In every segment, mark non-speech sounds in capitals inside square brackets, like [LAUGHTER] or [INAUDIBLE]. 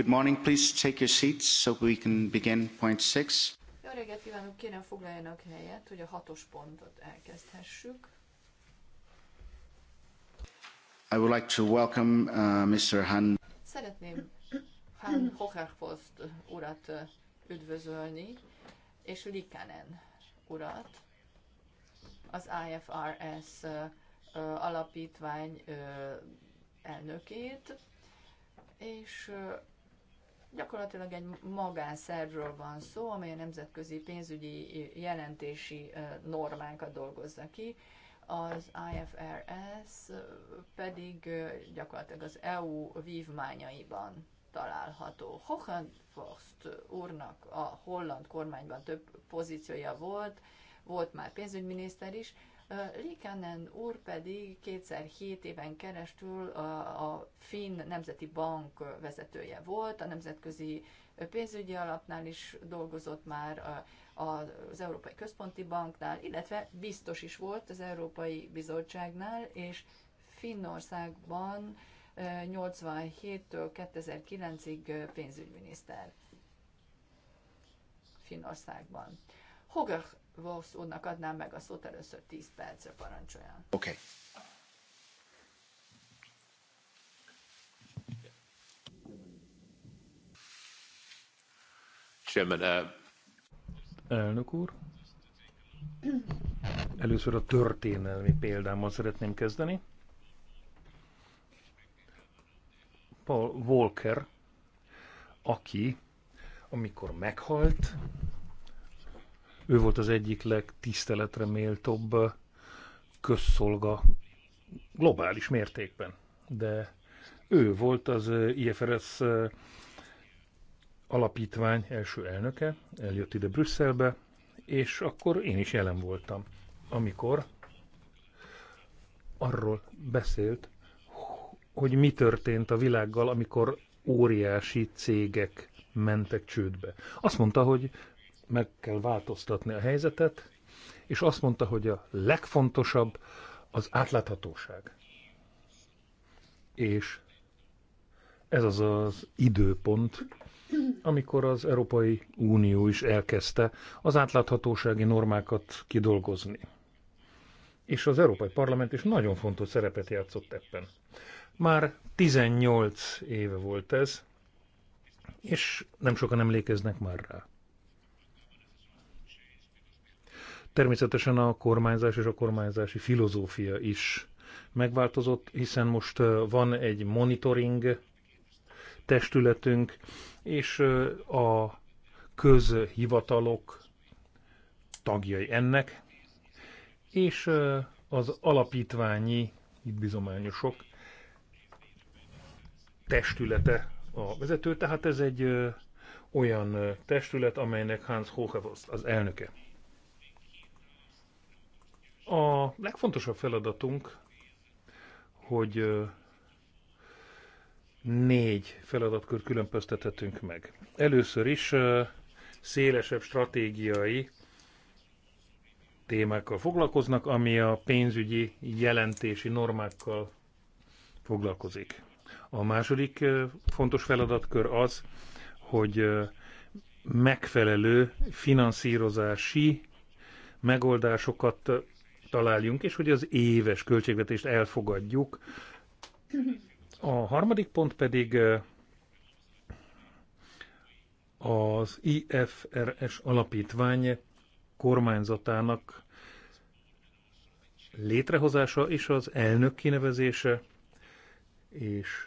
Good morning, please take your seats so we can begin point six. Jó reggelt kívánok, kérem foglaljanak helyet, hogy a hatos pontot elkezdhessük. I would like to welcome uh, Mr. Han. Szeretném Han Hocherpost urat uh, üdvözölni, és Likanen urat, az IFRS uh, uh, alapítvány uh, elnökét, és uh, Gyakorlatilag egy magánszervről van szó, amely a nemzetközi pénzügyi jelentési normákat dolgozza ki, az IFRS pedig gyakorlatilag az EU vívmányaiban található. Hohenforst úrnak a holland kormányban több pozíciója volt, volt már pénzügyminiszter is, Likanen úr pedig kétszer hét éven keresztül a Finn Nemzeti Bank vezetője volt, a Nemzetközi Pénzügyi Alapnál is dolgozott már, az Európai Központi Banknál, illetve biztos is volt az Európai Bizottságnál, és Finnországban 87-től 2009-ig pénzügyminiszter Finnországban. Hogar Vossz úrnak adnám meg a szót először 10 percre parancsoljon. Oké. Okay. Chairman, uh, Elnök úr, először a történelmi példámmal szeretném kezdeni. Paul Walker, aki amikor meghalt, ő volt az egyik legtiszteletre méltóbb közszolga globális mértékben. De ő volt az IFRS alapítvány első elnöke, eljött ide Brüsszelbe, és akkor én is jelen voltam, amikor arról beszélt, hogy mi történt a világgal, amikor óriási cégek mentek csődbe. Azt mondta, hogy meg kell változtatni a helyzetet, és azt mondta, hogy a legfontosabb az átláthatóság. És ez az az időpont, amikor az Európai Unió is elkezdte az átláthatósági normákat kidolgozni. És az Európai Parlament is nagyon fontos szerepet játszott ebben. Már 18 éve volt ez, és nem sokan emlékeznek már rá. Természetesen a kormányzás és a kormányzási filozófia is megváltozott, hiszen most van egy monitoring testületünk, és a közhivatalok tagjai ennek, és az alapítványi bizományosok testülete a vezető, tehát ez egy olyan testület, amelynek Hans Hochhaus az elnöke. A legfontosabb feladatunk, hogy négy feladatkört különböztethetünk meg. Először is szélesebb stratégiai témákkal foglalkoznak, ami a pénzügyi jelentési normákkal foglalkozik. A második fontos feladatkör az, hogy megfelelő finanszírozási megoldásokat találjunk, és hogy az éves költségvetést elfogadjuk. A harmadik pont pedig az IFRS alapítvány kormányzatának létrehozása és az elnök kinevezése, és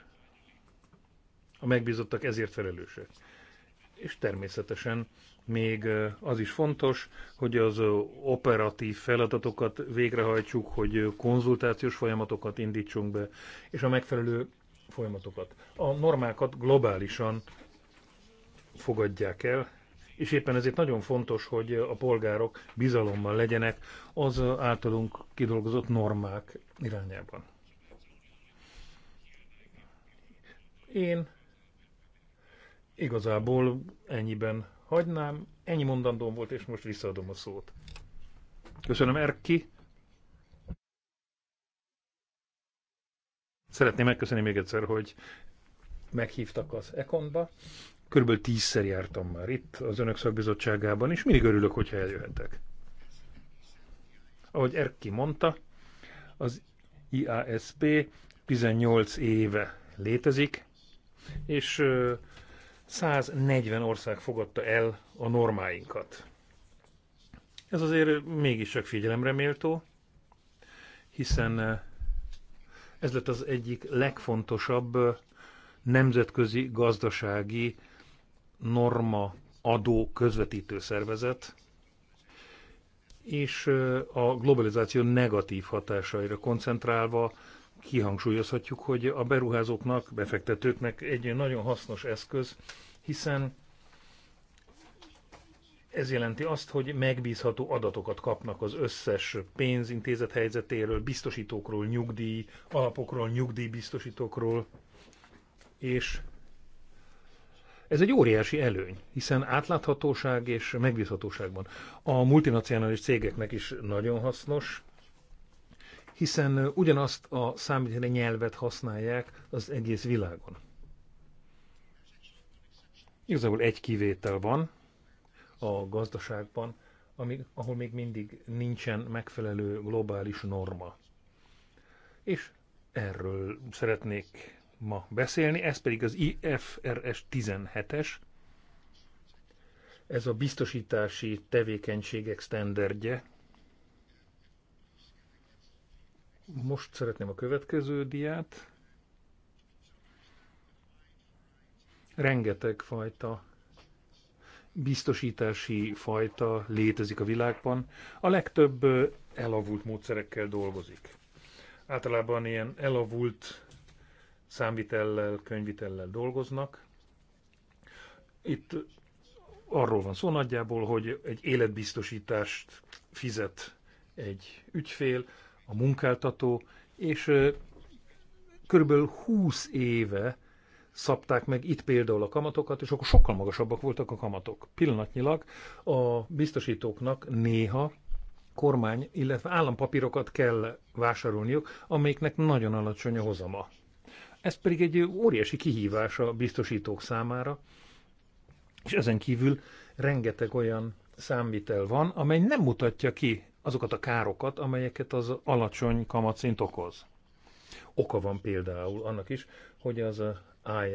a megbízottak ezért felelősek. És természetesen még az is fontos, hogy az operatív feladatokat végrehajtsuk, hogy konzultációs folyamatokat indítsunk be, és a megfelelő folyamatokat. A normákat globálisan fogadják el, és éppen ezért nagyon fontos, hogy a polgárok bizalommal legyenek az általunk kidolgozott normák irányában. Én igazából ennyiben hagynám. Ennyi mondandóm volt, és most visszaadom a szót. Köszönöm, Erki. Szeretném megköszönni még egyszer, hogy meghívtak az Ekonba. Körülbelül tízszer jártam már itt az Önök szakbizottságában, és mindig örülök, hogyha eljöhetek. Ahogy Erki mondta, az IASP 18 éve létezik, és 140 ország fogadta el a normáinkat. Ez azért mégiscsak figyelemre méltó, hiszen eh, ez lett az egyik legfontosabb eh, nemzetközi gazdasági norma adó közvetítő szervezet, és eh, a globalizáció negatív hatásaira koncentrálva kihangsúlyozhatjuk, hogy a beruházóknak, befektetőknek egy nagyon hasznos eszköz, hiszen ez jelenti azt, hogy megbízható adatokat kapnak az összes pénzintézet helyzetéről, biztosítókról, nyugdíj alapokról, nyugdíjbiztosítókról, és ez egy óriási előny, hiszen átláthatóság és megbízhatóság van. A multinacionális cégeknek is nagyon hasznos, hiszen ugyanazt a számítani nyelvet használják az egész világon. Igazából egy kivétel van a gazdaságban, amíg, ahol még mindig nincsen megfelelő globális norma. És erről szeretnék ma beszélni, ez pedig az IFRS 17-es, ez a biztosítási tevékenységek standardje, Most szeretném a következő diát. Rengeteg fajta biztosítási fajta létezik a világban. A legtöbb elavult módszerekkel dolgozik. Általában ilyen elavult számvitellel, könyvitellel dolgoznak. Itt arról van szó nagyjából, hogy egy életbiztosítást fizet egy ügyfél, a munkáltató, és körülbelül 20 éve szabták meg itt például a kamatokat, és akkor sokkal magasabbak voltak a kamatok. Pillanatnyilag a biztosítóknak néha kormány, illetve állampapírokat kell vásárolniuk, amelyeknek nagyon alacsony a hozama. Ez pedig egy óriási kihívás a biztosítók számára, és ezen kívül rengeteg olyan számvitel van, amely nem mutatja ki azokat a károkat, amelyeket az alacsony kamatszint okoz. Oka van például annak is, hogy az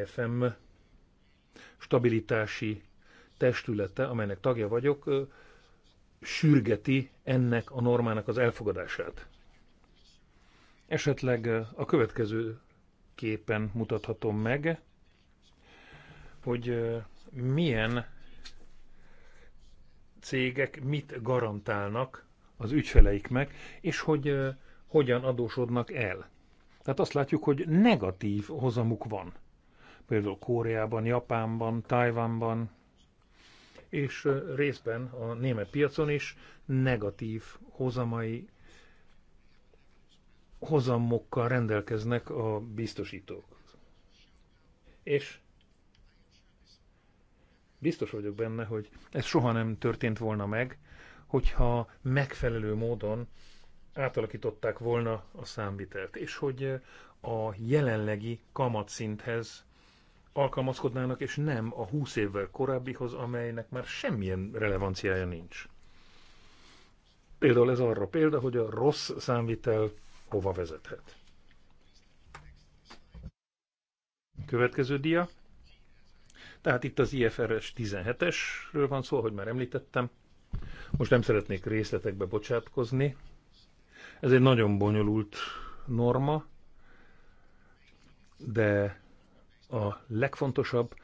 IFM stabilitási testülete, amelynek tagja vagyok, sürgeti ennek a normának az elfogadását. Esetleg a következő képen mutathatom meg, hogy milyen cégek mit garantálnak az ügyfeleiknek, és hogy hogyan adósodnak el. Tehát azt látjuk, hogy negatív hozamuk van. Például Koreában, Japánban, Tajvánban, és részben a német piacon is negatív hozamai hozamokkal rendelkeznek a biztosítók. És biztos vagyok benne, hogy ez soha nem történt volna meg, hogyha megfelelő módon átalakították volna a számvitelt, és hogy a jelenlegi kamatszinthez alkalmazkodnának, és nem a 20 évvel korábbihoz, amelynek már semmilyen relevanciája nincs. Például ez arra példa, hogy a rossz számvitel hova vezethet. Következő dia. Tehát itt az IFRS 17-esről van szó, hogy már említettem. Most nem szeretnék részletekbe bocsátkozni. Ez egy nagyon bonyolult norma, de a legfontosabb,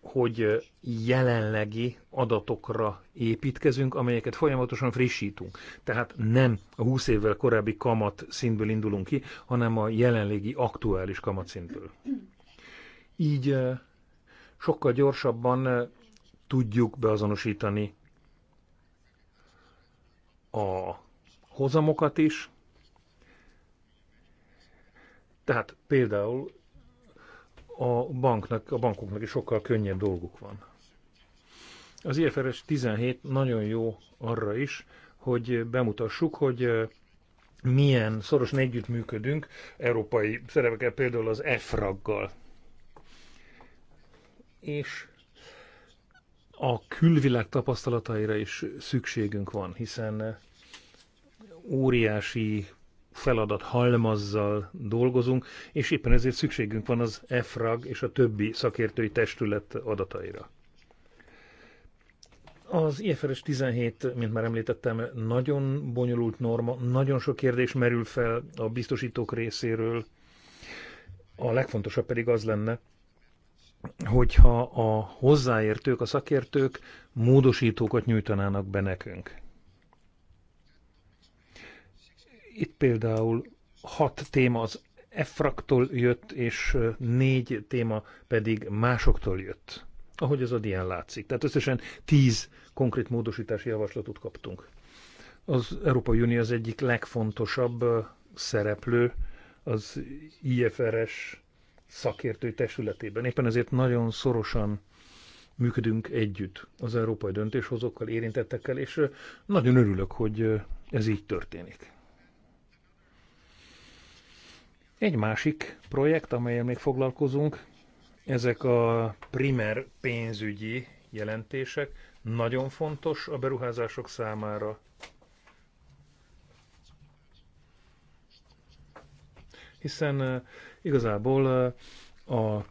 hogy jelenlegi adatokra építkezünk, amelyeket folyamatosan frissítünk. Tehát nem a 20 évvel korábbi kamat szintből indulunk ki, hanem a jelenlegi aktuális kamat szintből. Így eh, sokkal gyorsabban eh, tudjuk beazonosítani a hozamokat is. Tehát például a, banknak, a bankoknak is sokkal könnyebb dolguk van. Az IFRS 17 nagyon jó arra is, hogy bemutassuk, hogy milyen szorosan együttműködünk európai szerepekkel, például az EFRAG-gal. És a külvilág tapasztalataira is szükségünk van, hiszen óriási feladat halmazzal dolgozunk, és éppen ezért szükségünk van az EFRAG és a többi szakértői testület adataira. Az IFRS 17, mint már említettem, nagyon bonyolult norma, nagyon sok kérdés merül fel a biztosítók részéről. A legfontosabb pedig az lenne, hogyha a hozzáértők, a szakértők módosítókat nyújtanának be nekünk. Itt például hat téma az EFRAK-tól jött, és négy téma pedig másoktól jött, ahogy az a dián látszik. Tehát összesen tíz konkrét módosítási javaslatot kaptunk. Az Európai Unió az egyik legfontosabb szereplő az IFRS szakértő testületében. Éppen ezért nagyon szorosan működünk együtt az európai döntéshozókkal, érintettekkel, és nagyon örülök, hogy ez így történik. Egy másik projekt, amelyen még foglalkozunk, ezek a primer pénzügyi jelentések, nagyon fontos a beruházások számára. Hiszen Igazából a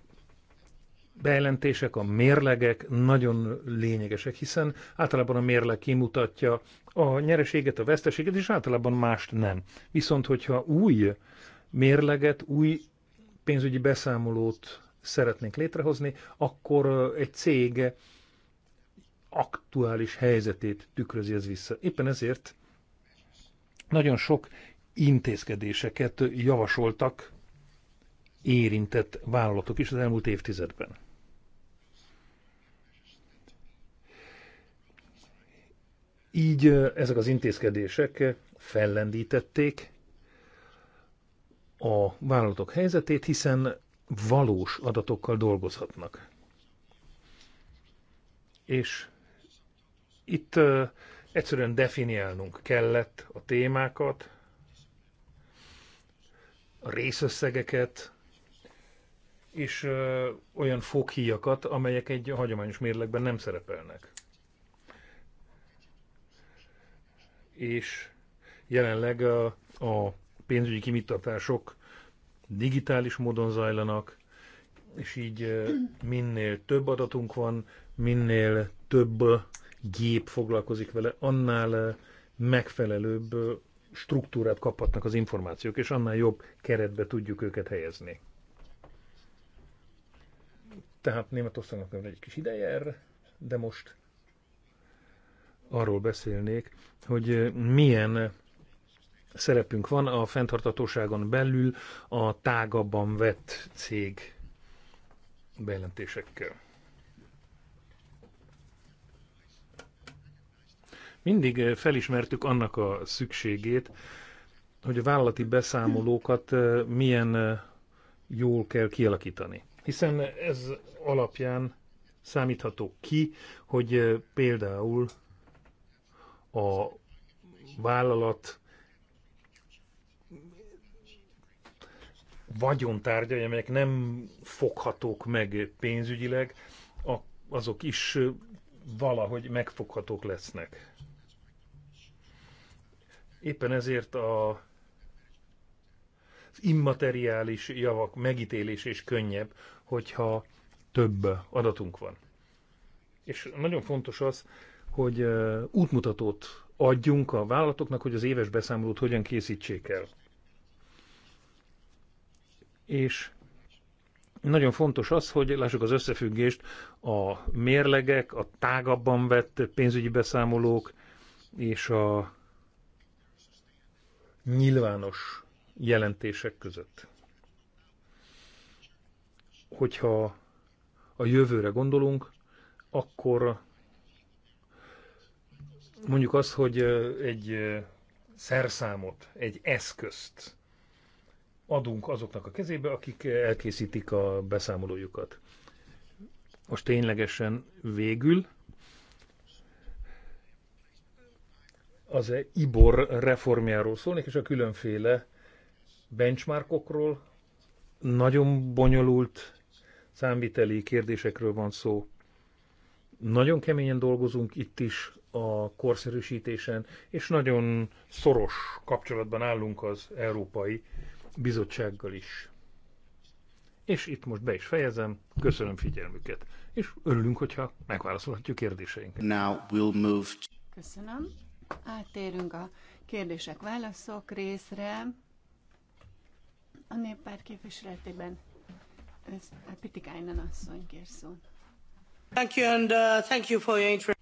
bejelentések, a mérlegek nagyon lényegesek, hiszen általában a mérleg kimutatja a nyereséget, a veszteséget, és általában mást nem. Viszont, hogyha új mérleget, új pénzügyi beszámolót szeretnénk létrehozni, akkor egy cég aktuális helyzetét tükrözi ez vissza. Éppen ezért nagyon sok intézkedéseket javasoltak érintett vállalatok is az elmúlt évtizedben. Így ezek az intézkedések fellendítették a vállalatok helyzetét, hiszen valós adatokkal dolgozhatnak. És itt egyszerűen definiálnunk kellett a témákat, a részösszegeket, és ö, olyan foghíjakat, amelyek egy hagyományos mérlegben nem szerepelnek. És jelenleg a, a pénzügyi kimittatások digitális módon zajlanak, és így minél több adatunk van, minél több gép foglalkozik vele, annál megfelelőbb struktúrát kaphatnak az információk, és annál jobb keretbe tudjuk őket helyezni. Tehát Németországnak nem egy kis ideje erre, de most arról beszélnék, hogy eh, milyen szerepünk van a fenntartatóságon belül a tágabban vett cég bejelentésekkel. Mindig eh, felismertük annak a szükségét, hogy a vállalati beszámolókat eh, milyen jól kell kialakítani hiszen ez alapján számítható ki, hogy például a vállalat vagyontárgyai, amelyek nem foghatók meg pénzügyileg, azok is valahogy megfoghatók lesznek. Éppen ezért a immateriális javak megítélés és könnyebb, hogyha több adatunk van. És nagyon fontos az, hogy útmutatót adjunk a vállalatoknak, hogy az éves beszámolót hogyan készítsék el. És nagyon fontos az, hogy lássuk az összefüggést a mérlegek, a tágabban vett pénzügyi beszámolók és a nyilvános jelentések között. Hogyha a jövőre gondolunk, akkor mondjuk azt, hogy egy szerszámot, egy eszközt adunk azoknak a kezébe, akik elkészítik a beszámolójukat. Most ténylegesen végül az IBOR reformjáról szólnék, és a különféle benchmarkokról, nagyon bonyolult számviteli kérdésekről van szó. Nagyon keményen dolgozunk itt is a korszerűsítésen, és nagyon szoros kapcsolatban állunk az Európai Bizottsággal is. És itt most be is fejezem, köszönöm figyelmüket, és örülünk, hogyha megválaszolhatjuk kérdéseinket. Now we'll move to... Köszönöm. Áttérünk a kérdések-válaszok részre. A néppárt képviseletében Pitikájnen asszony kér szót. Thank you and, uh, thank you for your interest.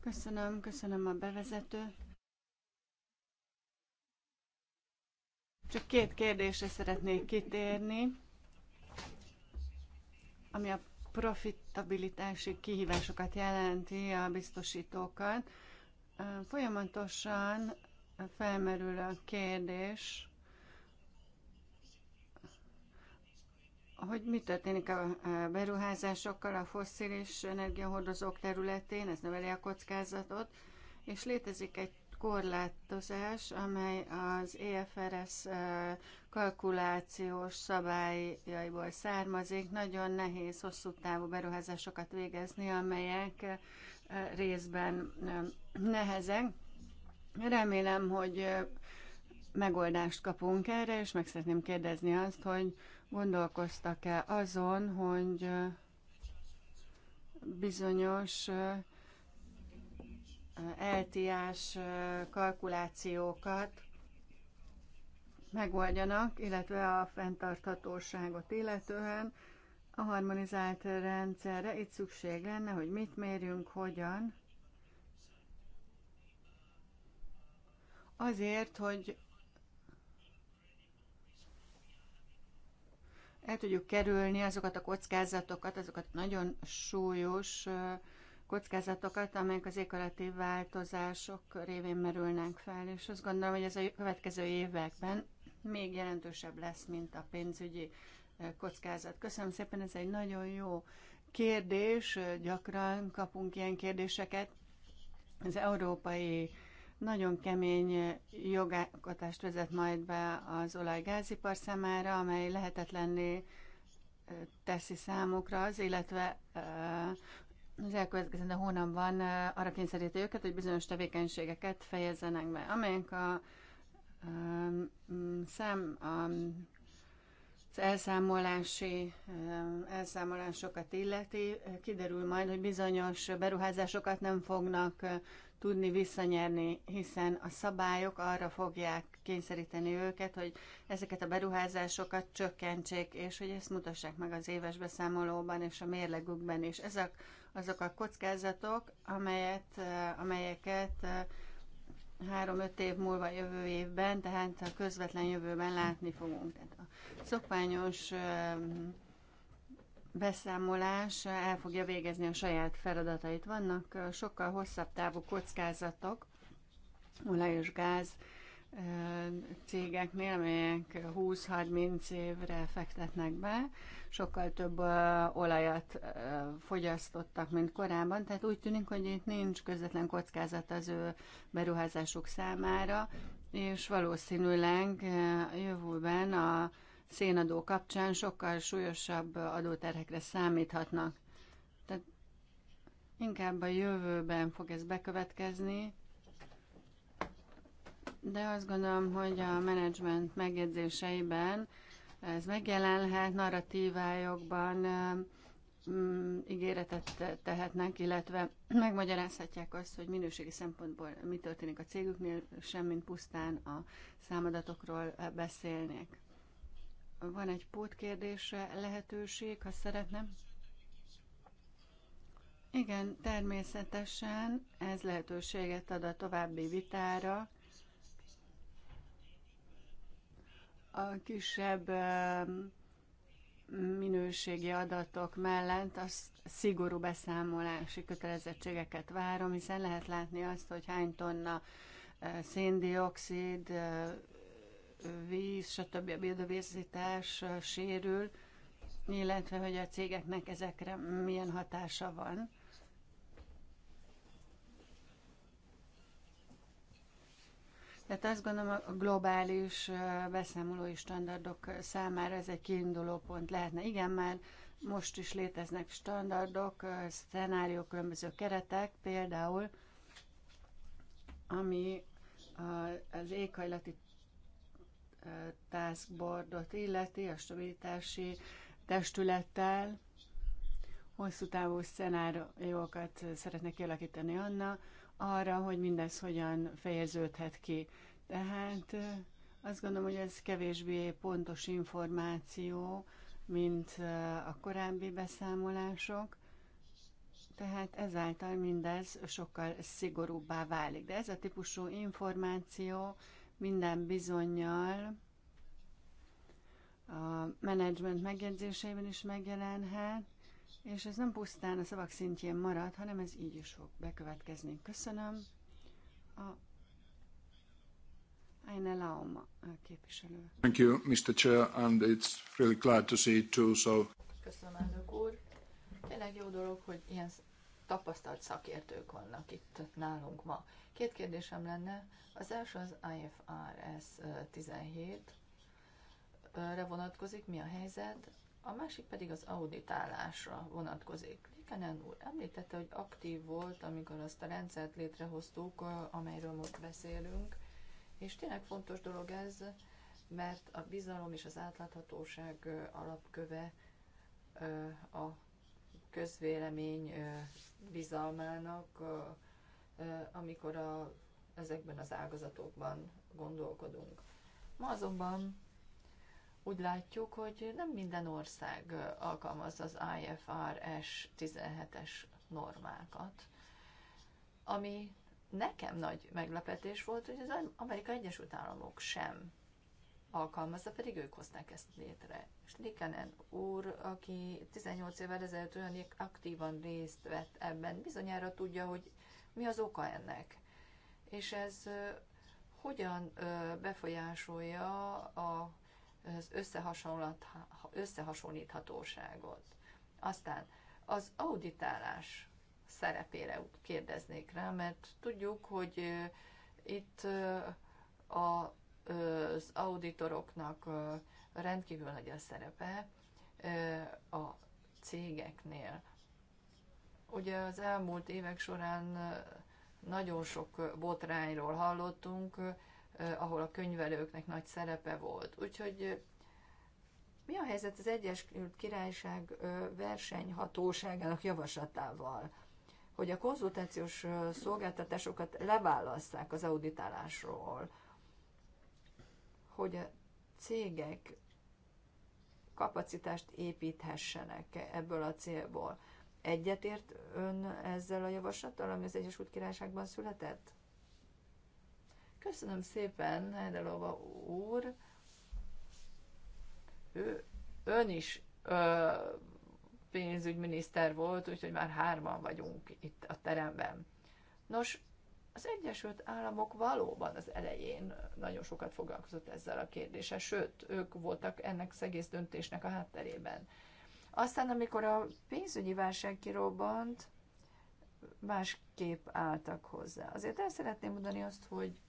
Köszönöm, köszönöm a bevezető. Csak két kérdésre szeretnék kitérni, ami a profitabilitási kihívásokat jelenti a biztosítókat. Folyamatosan felmerül a kérdés, hogy mi történik a beruházásokkal a fosszilis energiahordozók területén, ez növeli a kockázatot, és létezik egy korlátozás, amely az EFRS kalkulációs szabályaiból származik. Nagyon nehéz hosszú távú beruházásokat végezni, amelyek részben nehezek. Remélem, hogy megoldást kapunk erre, és meg szeretném kérdezni azt, hogy Gondolkoztak-e azon, hogy bizonyos eltiás kalkulációkat megoldjanak, illetve a fenntarthatóságot illetően a harmonizált rendszerre itt szükség lenne, hogy mit mérjünk, hogyan. Azért, hogy el tudjuk kerülni azokat a kockázatokat, azokat nagyon súlyos kockázatokat, amelyek az éghajlati változások révén merülnek fel, és azt gondolom, hogy ez a következő években még jelentősebb lesz, mint a pénzügyi kockázat. Köszönöm szépen, ez egy nagyon jó kérdés, gyakran kapunk ilyen kérdéseket. Az európai nagyon kemény eh, jogalkotást vezet majd be az olajgázipar számára, amely lehetetlenné eh, teszi számukra az, illetve eh, az elkövetkező hónapban arra kényszeríti őket, hogy bizonyos tevékenységeket fejezzenek be, amelyek a szám a, az elszámolási elszámolásokat illeti, kiderül majd, hogy bizonyos beruházásokat nem fognak tudni visszanyerni, hiszen a szabályok arra fogják kényszeríteni őket, hogy ezeket a beruházásokat csökkentsék, és hogy ezt mutassák meg az éves beszámolóban és a mérlegükben is. Ezek azok a kockázatok, amelyet, eh, amelyeket eh, három öt év múlva jövő évben, tehát a közvetlen jövőben látni fogunk. Tehát a szokványos eh, beszámolás el fogja végezni a saját feladatait. Vannak sokkal hosszabb távú kockázatok, olaj és gáz cégeknél, amelyek 20-30 évre fektetnek be, sokkal több olajat fogyasztottak, mint korábban, tehát úgy tűnik, hogy itt nincs közvetlen kockázat az ő beruházásuk számára, és valószínűleg jövőben a szénadó kapcsán sokkal súlyosabb adóterhekre számíthatnak. Tehát inkább a jövőben fog ez bekövetkezni, de azt gondolom, hogy a menedzsment megjegyzéseiben ez megjelenhet, narratívájokban um, ígéretet tehetnek, illetve [CLEARS THROAT] megmagyarázhatják azt, hogy minőségi szempontból mi történik a cégüknél, semmint pusztán a számadatokról eh, beszélnek. Van egy pótkérdésre lehetőség, ha szeretném. Igen, természetesen ez lehetőséget ad a további vitára. A kisebb minőségi adatok mellett a szigorú beszámolási kötelezettségeket várom, hiszen lehet látni azt, hogy hány tonna széndiokszid víz, stb. a biodiverzitás sérül, illetve hogy a cégeknek ezekre milyen hatása van. Tehát azt gondolom, a globális beszámolói standardok számára ez egy kiinduló pont lehetne. Igen, már most is léteznek standardok, szenáriók, különböző keretek, például, ami az éghajlati taskboardot illeti, a stabilitási testülettel hosszú távú szenáriókat szeretne kialakítani Anna arra, hogy mindez hogyan fejeződhet ki. Tehát azt gondolom, hogy ez kevésbé pontos információ, mint a korábbi beszámolások, tehát ezáltal mindez sokkal szigorúbbá válik. De ez a típusú információ minden bizonyal a menedzsment megjegyzéseiben is megjelenhet, és ez nem pusztán a szavak szintjén marad, hanem ez így is fog bekövetkezni. Köszönöm. A Aine Lauma képviselő. Thank you, Mr. Chair, and it's really glad to see you too, so... Köszönöm, elnök úr. Tényleg jó dolog, hogy ilyen tapasztalt szakértők vannak itt nálunk ma. Két kérdésem lenne. Az első az IFRS 17-re vonatkozik, mi a helyzet, a másik pedig az auditálásra vonatkozik. Likenen úr említette, hogy aktív volt, amikor azt a rendszert létrehoztuk, amelyről most beszélünk, és tényleg fontos dolog ez, mert a bizalom és az átláthatóság alapköve a közvélemény bizalmának, amikor a, ezekben az ágazatokban gondolkodunk. Ma azonban úgy látjuk, hogy nem minden ország alkalmazza az IFRS 17-es normákat, ami nekem nagy meglepetés volt, hogy az Amerikai Egyesült Államok sem alkalmazza, pedig ők hozták ezt létre. És Nikanen úr, aki 18 évvel ezelőtt olyan aktívan részt vett ebben, bizonyára tudja, hogy mi az oka ennek. És ez hogyan befolyásolja az összehasonlíthatóságot. Aztán az auditálás szerepére kérdeznék rá, mert tudjuk, hogy itt a az auditoroknak rendkívül nagy a szerepe a cégeknél. Ugye az elmúlt évek során nagyon sok botrányról hallottunk, ahol a könyvelőknek nagy szerepe volt. Úgyhogy mi a helyzet az Egyesült Királyság versenyhatóságának javaslatával, hogy a konzultációs szolgáltatásokat leválasszák az auditálásról? hogy a cégek kapacitást építhessenek -e ebből a célból. Egyetért ön ezzel a javaslattal, ami az Egyesült Királyságban született? Köszönöm szépen, Heidelova úr. Ő, ön is ö, pénzügyminiszter volt, úgyhogy már hárman vagyunk itt a teremben. Nos, az Egyesült Államok valóban az elején nagyon sokat foglalkozott ezzel a kérdéssel, sőt, ők voltak ennek az egész döntésnek a hátterében. Aztán, amikor a pénzügyi válság kirobbant, másképp álltak hozzá. Azért el szeretném mondani azt, hogy,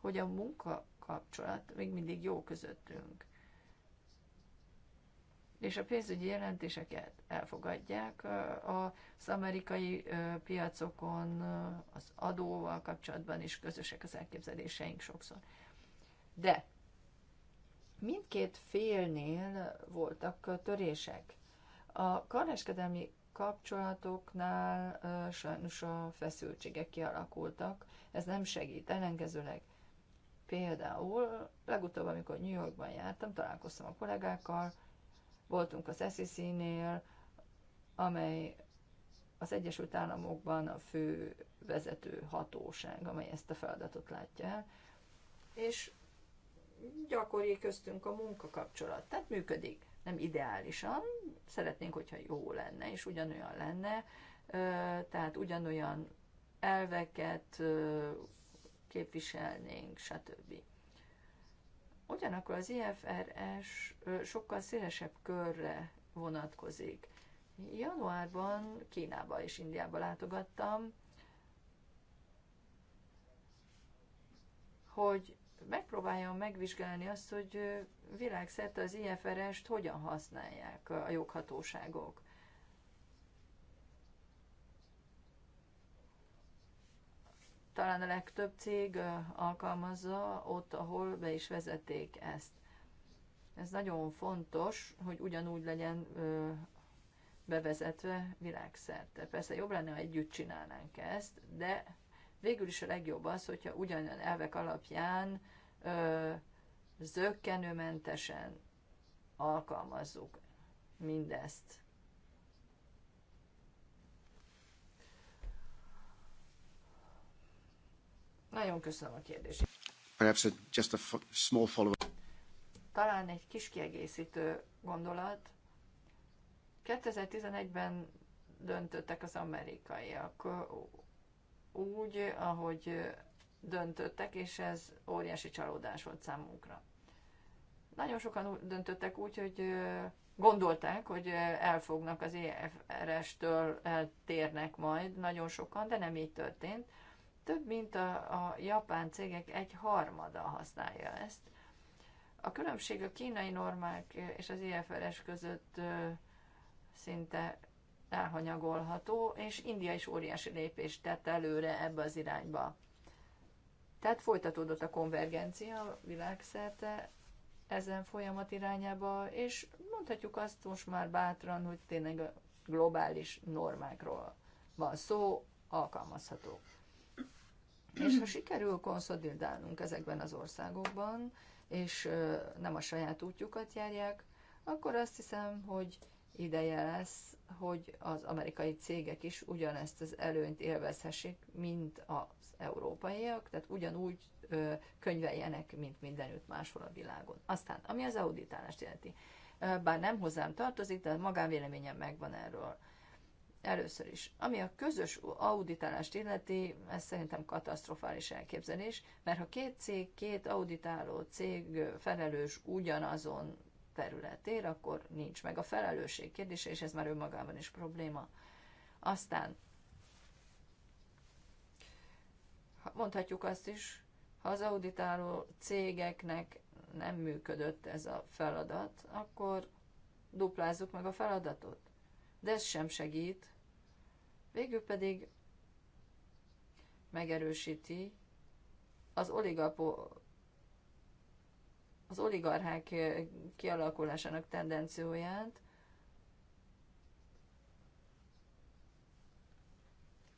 hogy a munka kapcsolat még mindig jó közöttünk és a pénzügyi jelentéseket elfogadják az amerikai piacokon, az adóval kapcsolatban is közösek az elképzeléseink sokszor. De mindkét félnél voltak törések. A kereskedelmi kapcsolatoknál sajnos a feszültségek kialakultak, ez nem segít, ellenkezőleg például legutóbb, amikor New Yorkban jártam, találkoztam a kollégákkal, Voltunk az SEC-nél, amely az Egyesült Államokban a fő vezető hatóság, amely ezt a feladatot látja el, és gyakori köztünk a munkakapcsolat. Tehát működik, nem ideálisan, szeretnénk, hogyha jó lenne, és ugyanolyan lenne, tehát ugyanolyan elveket képviselnénk, stb. Ugyanakkor az IFRS sokkal szélesebb körre vonatkozik. Januárban Kínába és Indiába látogattam, hogy megpróbáljam megvizsgálni azt, hogy világszerte az IFRS-t hogyan használják a joghatóságok. talán a legtöbb cég alkalmazza ott, ahol be is vezeték ezt. Ez nagyon fontos, hogy ugyanúgy legyen bevezetve világszerte. Persze jobb lenne, ha együtt csinálnánk ezt, de végül is a legjobb az, hogyha ugyanolyan elvek alapján ö, zöggenőmentesen alkalmazzuk mindezt. Nagyon köszönöm a kérdését. Perhaps a, just a small follow Talán egy kis kiegészítő gondolat. 2011-ben döntöttek az amerikaiak úgy, ahogy döntöttek, és ez óriási csalódás volt számunkra. Nagyon sokan döntöttek úgy, hogy gondolták, hogy elfognak az EFRS-től, eltérnek majd nagyon sokan, de nem így történt. Több mint a, a japán cégek egy harmada használja ezt. A különbség a kínai normák és az IFRS között szinte elhanyagolható, és India is óriási lépést tett előre ebbe az irányba. Tehát folytatódott a konvergencia világszerte ezen folyamat irányába, és mondhatjuk azt most már bátran, hogy tényleg globális normákról van szó, alkalmazhatók. És ha sikerül konszolidálnunk ezekben az országokban, és nem a saját útjukat járják, akkor azt hiszem, hogy ideje lesz, hogy az amerikai cégek is ugyanezt az előnyt élvezhessék, mint az európaiak, tehát ugyanúgy ö, könyveljenek, mint mindenütt máshol a világon. Aztán, ami az auditálást jelenti, bár nem hozzám tartozik, de magánvéleményem megvan erről. Először is, ami a közös auditálást illeti, ez szerintem katasztrofális elképzelés, mert ha két cég, két auditáló cég felelős ugyanazon területér, akkor nincs meg a felelősség kérdése, és ez már önmagában is probléma. Aztán mondhatjuk azt is, ha az auditáló cégeknek nem működött ez a feladat, akkor duplázzuk meg a feladatot. De ez sem segít, Végül pedig megerősíti az, oligapó az oligarchák eh, kialakulásának tendencióját,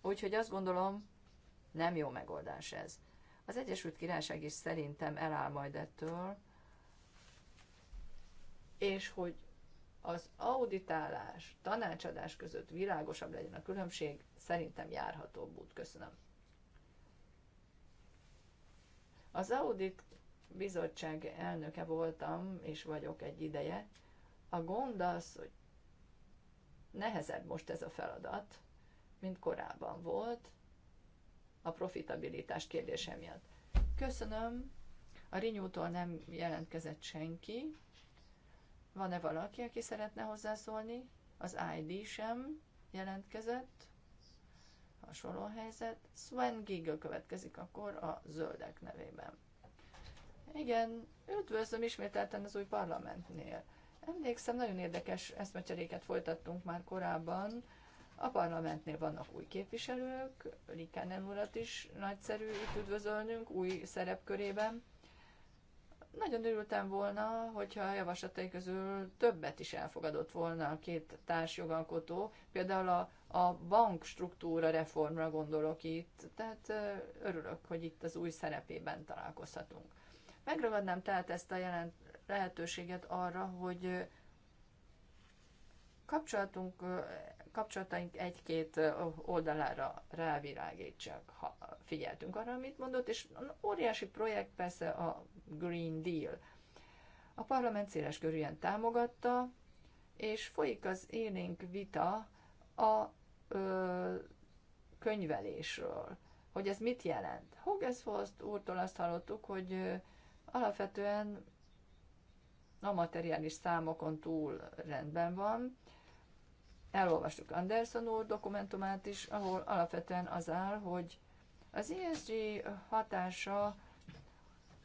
Úgyhogy azt gondolom, nem jó megoldás ez. Az Egyesült Királyság is szerintem eláll majd ettől, és hogy az auditálás, tanácsadás között világosabb legyen a különbség, szerintem járhatóbb út. Köszönöm. Az audit bizottság elnöke voltam, és vagyok egy ideje. A gond az, hogy nehezebb most ez a feladat, mint korábban volt, a profitabilitás kérdése miatt. Köszönöm, a Rinyútól nem jelentkezett senki, van-e valaki, aki szeretne hozzászólni? Az ID sem jelentkezett. Hasonló helyzet. Sven Giga következik akkor a zöldek nevében. Igen, üdvözlöm ismételten az új parlamentnél. Emlékszem, nagyon érdekes eszmecseréket folytattunk már korábban. A parlamentnél vannak új képviselők, Likánen urat is nagyszerű itt üdvözölnünk új szerepkörében. Nagyon örültem volna, hogyha a javaslatai közül többet is elfogadott volna a két társjogalkotó, például a, a bankstruktúra reformra gondolok itt, tehát örülök, hogy itt az új szerepében találkozhatunk. Megragadnám tehát ezt a jelent, lehetőséget arra, hogy kapcsolatunk kapcsolataink egy-két oldalára rávirágítsak, Ha figyeltünk arra, amit mondott, és óriási projekt persze a Green Deal. A parlament széles körűen támogatta, és folyik az élénk vita a ö, könyvelésről, hogy ez mit jelent. Hogesforst úrtól azt hallottuk, hogy ö, alapvetően a materiális számokon túl rendben van, elolvastuk Anderson úr dokumentumát is, ahol alapvetően az áll, hogy az ESG hatása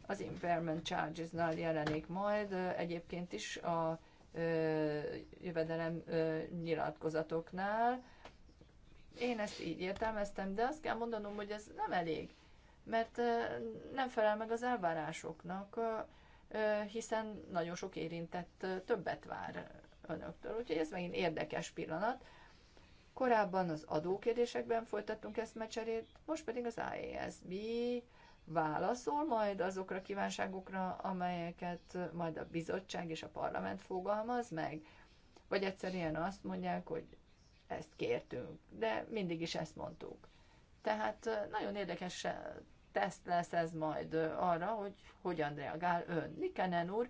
az impairment charges-nál jelenik majd, egyébként is a ö, jövedelem ö, nyilatkozatoknál. Én ezt így értelmeztem, de azt kell mondanom, hogy ez nem elég, mert ö, nem felel meg az elvárásoknak, ö, hiszen nagyon sok érintett ö, többet vár önöktől. Úgyhogy ez megint érdekes pillanat. Korábban az adókérdésekben folytattunk ezt mecserét, most pedig az IASB e válaszol majd azokra a kívánságokra, amelyeket majd a bizottság és a parlament fogalmaz meg. Vagy egyszerűen azt mondják, hogy ezt kértünk, de mindig is ezt mondtuk. Tehát nagyon érdekes teszt lesz ez majd arra, hogy hogyan reagál ön. Nikenen úr,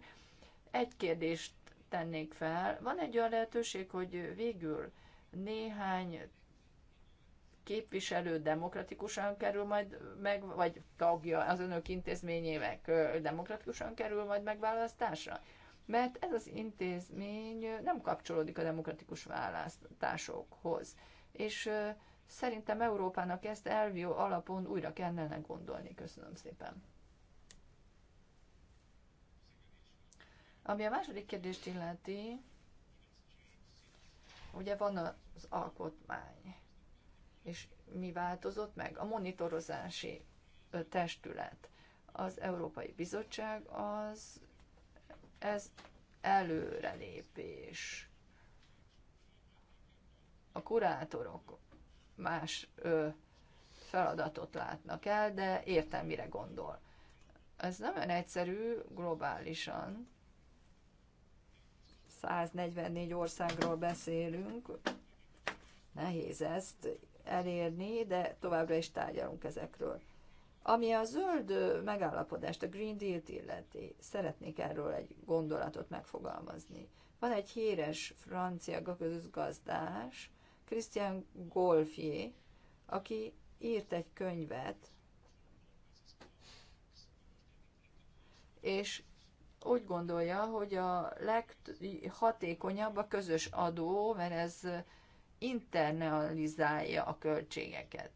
egy kérdést tennék fel. Van egy olyan lehetőség, hogy végül néhány képviselő demokratikusan kerül majd meg, vagy tagja az önök intézményének demokratikusan kerül majd megválasztásra? Mert ez az intézmény nem kapcsolódik a demokratikus választásokhoz. És szerintem Európának ezt elvió alapon újra kellene gondolni. Köszönöm szépen. Ami a második kérdést illeti, ugye van az alkotmány, és mi változott meg? A monitorozási testület, az Európai Bizottság, az ez előrelépés. A kurátorok más ö, feladatot látnak el, de értem, mire gondol. Ez nem olyan egyszerű globálisan, 144 országról beszélünk, nehéz ezt elérni, de továbbra is tárgyalunk ezekről. Ami a zöld megállapodást, a Green Deal-t illeti, szeretnék erről egy gondolatot megfogalmazni. Van egy híres francia közgazdás, Christian Golfier, aki írt egy könyvet, és úgy gondolja, hogy a leghatékonyabb a közös adó, mert ez internalizálja a költségeket.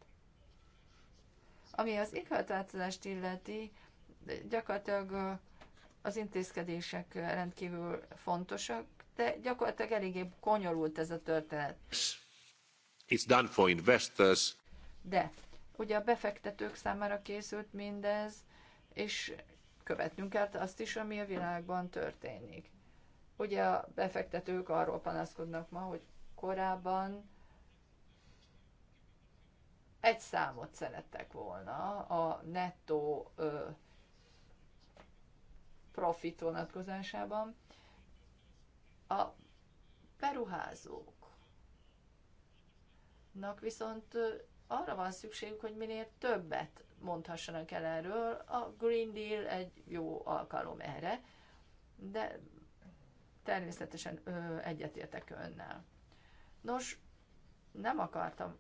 Ami az éghajlatváltozást illeti, gyakorlatilag az intézkedések rendkívül fontosak, de gyakorlatilag eléggé konyolult ez a történet. It's done for investors. De ugye a befektetők számára készült mindez, és követnünk kell azt is, ami a világban történik. Ugye a befektetők arról panaszkodnak ma, hogy korábban egy számot szerettek volna a nettó ö, profit vonatkozásában. A peruházóknak, viszont arra van szükségük, hogy minél többet mondhassanak el erről. A Green Deal egy jó alkalom erre, de természetesen ö, egyetértek önnel. Nos, nem akartam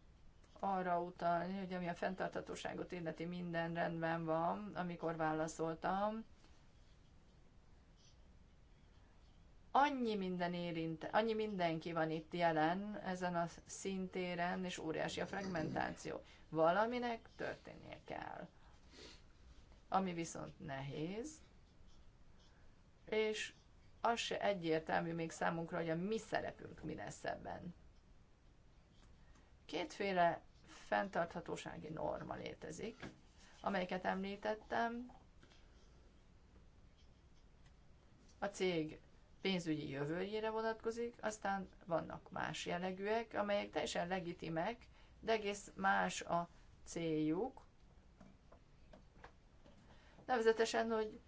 arra utalni, hogy ami a fenntarthatóságot illeti minden rendben van, amikor válaszoltam. Annyi minden érint, annyi mindenki van itt jelen ezen a szintéren, és óriási a fragmentáció. Valaminek történnie kell. Ami viszont nehéz, és az se egyértelmű még számunkra, hogy a mi szerepünk mi lesz ebben. Kétféle fenntarthatósági norma létezik, amelyeket említettem. A cég pénzügyi jövőjére vonatkozik, aztán vannak más jellegűek, amelyek teljesen legitimek, de egész más a céljuk. Nevezetesen, hogy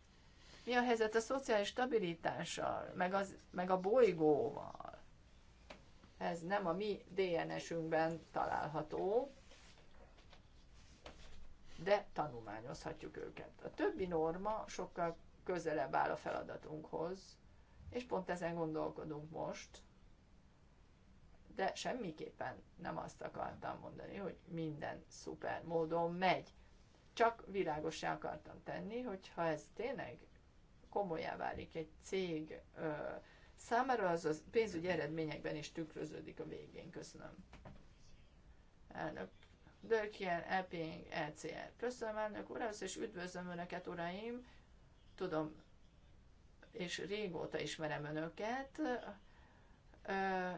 mi a helyzet a szociális stabilitással, meg, az, meg a bolygóval. Ez nem a mi DNS-ünkben található, de tanulmányozhatjuk őket. A többi norma sokkal közelebb áll a feladatunkhoz, és pont ezen gondolkodunk most de semmiképpen nem azt akartam mondani, hogy minden szuper módon megy. Csak világosá akartam tenni, hogy ha ez tényleg komolyá válik egy cég ö, számára, az a pénzügyi eredményekben is tükröződik a végén. Köszönöm. Elnök. Dörkjel, Epping, LCR. E Köszönöm, elnök úr, és üdvözlöm Önöket, uraim. Tudom, és régóta ismerem Önöket. Ö,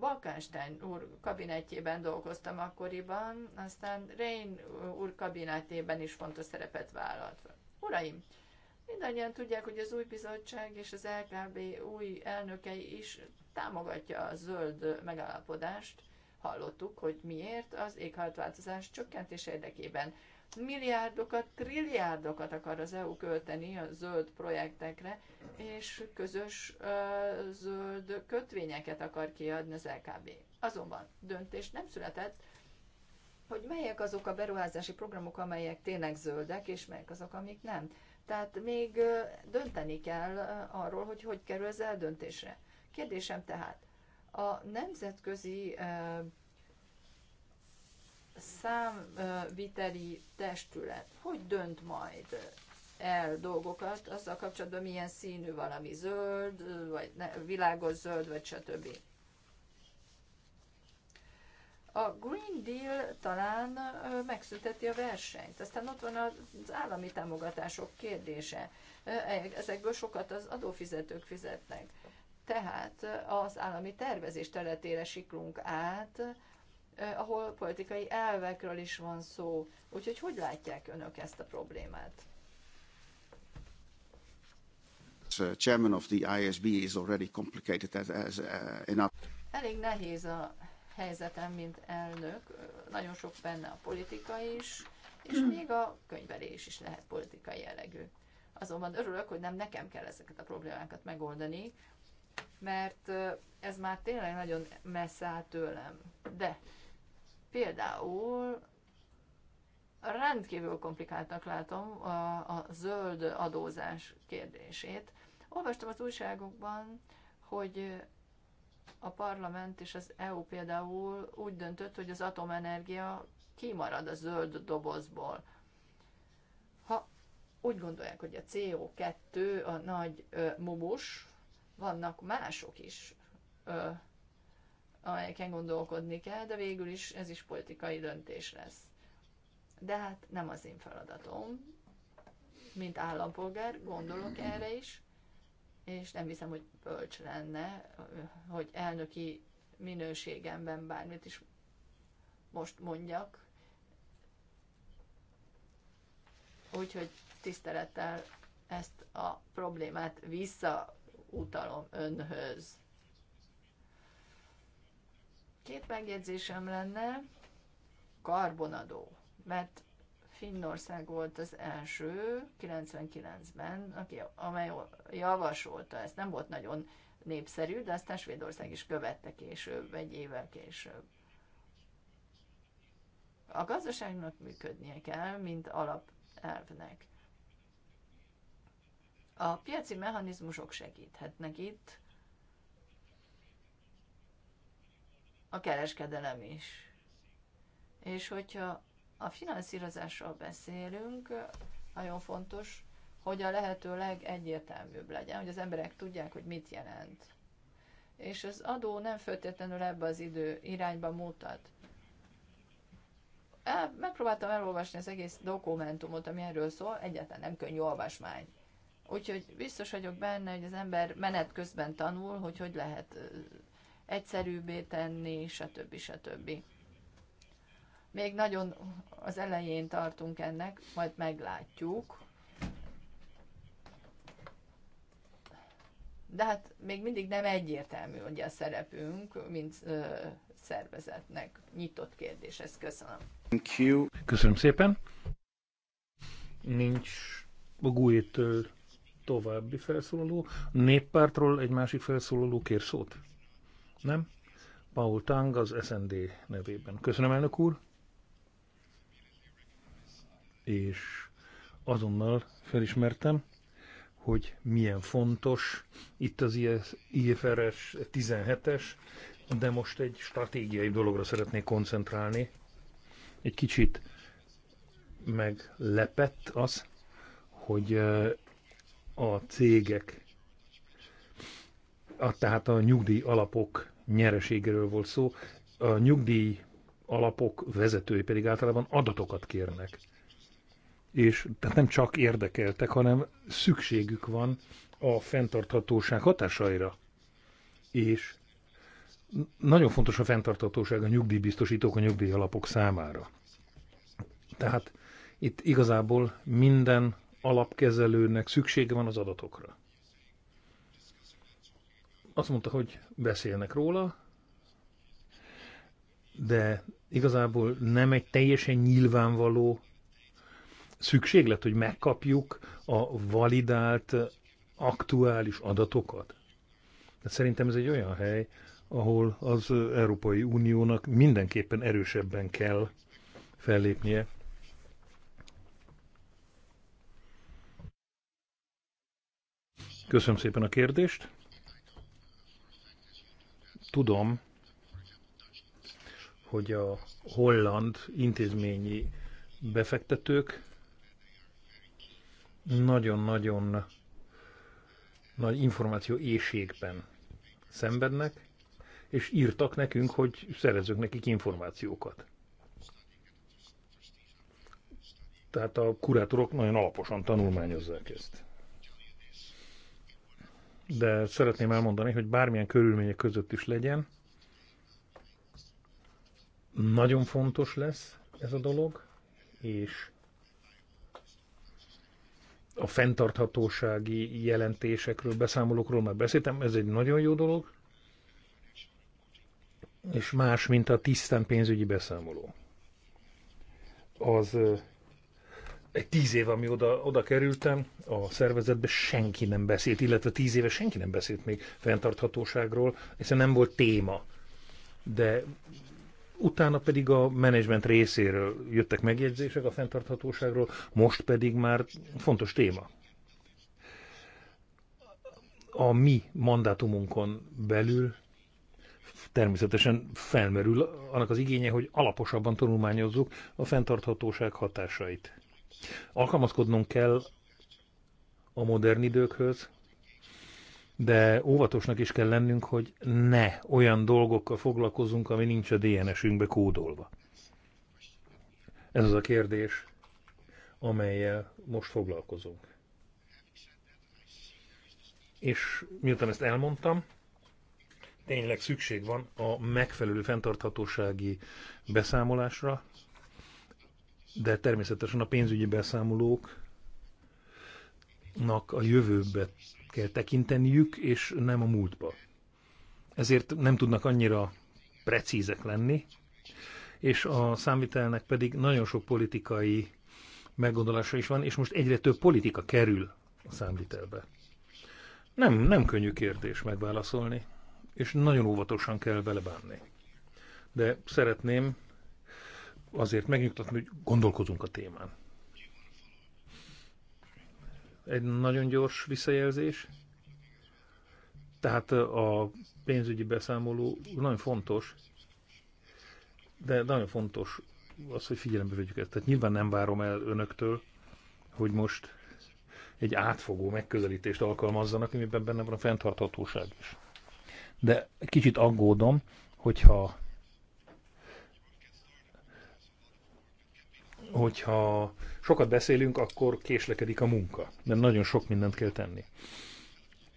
Balkánstein úr kabinetjében dolgoztam akkoriban, aztán Rein úr kabinetében is fontos szerepet vállalt. Uraim, mindannyian tudják, hogy az új bizottság és az LKB új elnökei is támogatja a zöld megállapodást. Hallottuk, hogy miért az éghajlatváltozás csökkentés érdekében milliárdokat, trilliárdokat akar az EU költeni a zöld projektekre, és közös ö, zöld kötvényeket akar kiadni az LKB. Azonban döntés nem született, hogy melyek azok a beruházási programok, amelyek tényleg zöldek, és melyek azok, amik nem. Tehát még dönteni kell arról, hogy hogy kerül ez eldöntésre. Kérdésem tehát, a nemzetközi számviteli testület hogy dönt majd el dolgokat azzal kapcsolatban, milyen színű valami zöld, vagy ne, világos zöld, vagy stb. A Green Deal talán megszünteti a versenyt. Aztán ott van az állami támogatások kérdése. E, ezekből sokat az adófizetők fizetnek. Tehát az állami tervezés területére siklunk át, ahol politikai elvekről is van szó. Úgyhogy hogy látják önök ezt a problémát? The uh, Chairman of the ISB is already complicated as, as uh, enough. Elég nehéz a helyzetem, mint elnök. Nagyon sok benne a politika is, és hmm. még a könyvelés is lehet politikai jellegű. Azonban örülök, hogy nem nekem kell ezeket a problémákat megoldani, mert ez már tényleg nagyon messze áll tőlem. De Például rendkívül komplikáltnak látom a, a zöld adózás kérdését. Olvastam az újságokban, hogy a parlament és az EU például úgy döntött, hogy az atomenergia kimarad a zöld dobozból. Ha úgy gondolják, hogy a CO2 a nagy ö, mumus, vannak mások is, ö, amelyeken gondolkodni kell, de végül is ez is politikai döntés lesz. De hát nem az én feladatom. Mint állampolgár gondolok erre is, és nem hiszem, hogy bölcs lenne, hogy elnöki minőségemben bármit is most mondjak. Úgyhogy tisztelettel ezt a problémát visszautalom önhöz. Két megjegyzésem lenne, karbonadó, mert Finnország volt az első 99-ben, aki, amely javasolta, ezt nem volt nagyon népszerű, de aztán Svédország is követte később, egy évvel később. A gazdaságnak működnie kell, mint alapelvnek. A piaci mechanizmusok segíthetnek itt, a kereskedelem is. És hogyha a finanszírozásról beszélünk, nagyon fontos, hogy a lehető legegyértelműbb legyen, hogy az emberek tudják, hogy mit jelent. És az adó nem feltétlenül ebbe az idő irányba mutat. El, megpróbáltam elolvasni az egész dokumentumot, ami erről szól, egyáltalán nem könnyű olvasmány. Úgyhogy biztos vagyok benne, hogy az ember menet közben tanul, hogy hogy lehet egyszerűbbé tenni, stb. stb. Még nagyon az elején tartunk ennek, majd meglátjuk. De hát még mindig nem egyértelmű, hogy a szerepünk, mint ö, szervezetnek. Nyitott kérdés, ezt köszönöm. Thank you. Köszönöm szépen. Nincs a GUE-től további felszólaló. Néppártról egy másik felszólaló kér szót. Nem? Paul Tang az SND nevében. Köszönöm, elnök úr! És azonnal felismertem, hogy milyen fontos itt az IFRS 17-es, de most egy stratégiai dologra szeretnék koncentrálni. Egy kicsit meglepett az, hogy eh, a cégek a, tehát a nyugdíj alapok nyereségéről volt szó. A nyugdíj alapok vezetői pedig általában adatokat kérnek. És tehát nem csak érdekeltek, hanem szükségük van a fenntarthatóság hatásaira. És nagyon fontos a fenntarthatóság a nyugdíjbiztosítók, a nyugdíj alapok számára. Tehát itt igazából minden alapkezelőnek szüksége van az adatokra azt mondta, hogy beszélnek róla, de igazából nem egy teljesen nyilvánvaló szükséglet, hogy megkapjuk a validált aktuális adatokat. De szerintem ez egy olyan hely, ahol az Európai Uniónak mindenképpen erősebben kell fellépnie. Köszönöm szépen a kérdést. Tudom, hogy a holland intézményi befektetők nagyon-nagyon nagy információ éjségben szenvednek, és írtak nekünk, hogy szerezzük nekik információkat. Tehát a kurátorok nagyon alaposan tanulmányozzák ezt de szeretném elmondani, hogy bármilyen körülmények között is legyen, nagyon fontos lesz ez a dolog, és a fenntarthatósági jelentésekről, beszámolókról már beszéltem, ez egy nagyon jó dolog, és más, mint a tisztán pénzügyi beszámoló. Az egy tíz év, ami oda, oda kerültem, a szervezetbe senki nem beszélt, illetve tíz éve senki nem beszélt még fenntarthatóságról, hiszen nem volt téma. De utána pedig a menedzsment részéről jöttek megjegyzések a fenntarthatóságról, most pedig már fontos téma. A mi mandátumunkon belül természetesen felmerül annak az igénye, hogy alaposabban tanulmányozzuk a fenntarthatóság hatásait. Alkalmazkodnunk kell a modern időkhöz, de óvatosnak is kell lennünk, hogy ne olyan dolgokkal foglalkozunk, ami nincs a DNS-ünkbe kódolva. Ez az a kérdés, amelyel most foglalkozunk. És miután ezt elmondtam, tényleg szükség van a megfelelő fenntarthatósági beszámolásra, de természetesen a pénzügyi beszámolóknak a jövőbe kell tekinteniük, és nem a múltba. Ezért nem tudnak annyira precízek lenni, és a számvitelnek pedig nagyon sok politikai meggondolása is van, és most egyre több politika kerül a számvitelbe. Nem, nem könnyű kérdés megválaszolni, és nagyon óvatosan kell vele bánni. De szeretném, azért megnyugtatni, hogy gondolkozunk a témán. Egy nagyon gyors visszajelzés. Tehát a pénzügyi beszámoló nagyon fontos, de nagyon fontos az, hogy figyelembe vegyük ezt. Tehát nyilván nem várom el önöktől, hogy most egy átfogó megközelítést alkalmazzanak, amiben benne van a fenntarthatóság is. De kicsit aggódom, hogyha hogyha sokat beszélünk, akkor késlekedik a munka, mert nagyon sok mindent kell tenni.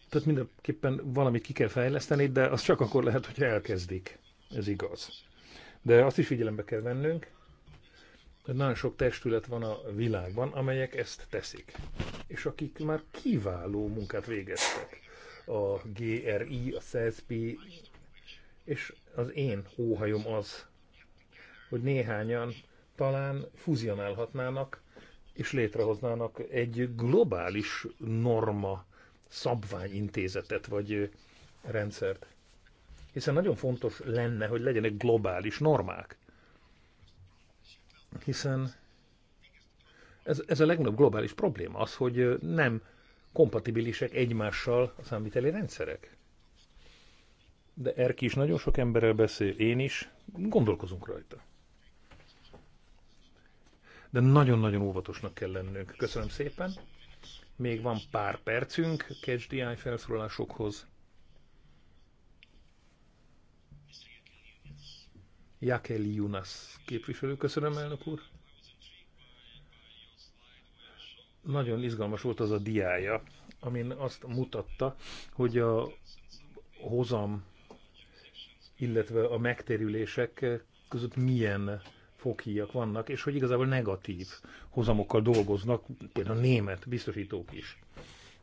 Tehát mindenképpen valamit ki kell fejleszteni, de az csak akkor lehet, hogyha elkezdik. Ez igaz. De azt is figyelembe kell vennünk, hogy nagyon sok testület van a világban, amelyek ezt teszik. És akik már kiváló munkát végeztek. A GRI, a CESP, és az én óhajom az, hogy néhányan talán fuzionálhatnának, és létrehoznának egy globális norma szabványintézetet vagy rendszert. Hiszen nagyon fontos lenne, hogy legyenek globális normák. Hiszen ez, ez a legnagyobb globális probléma, az, hogy nem kompatibilisek egymással a számviteli rendszerek. De Erki is nagyon sok emberrel beszél, én is, gondolkozunk rajta de nagyon-nagyon óvatosnak kell lennünk. Köszönöm szépen. Még van pár percünk Catch the Eye felszólalásokhoz. Jakeli Junas képviselő, köszönöm elnök úr. Nagyon izgalmas volt az a diája, amin azt mutatta, hogy a hozam, illetve a megtérülések között milyen foghíjak vannak, és hogy igazából negatív hozamokkal dolgoznak, például német biztosítók is.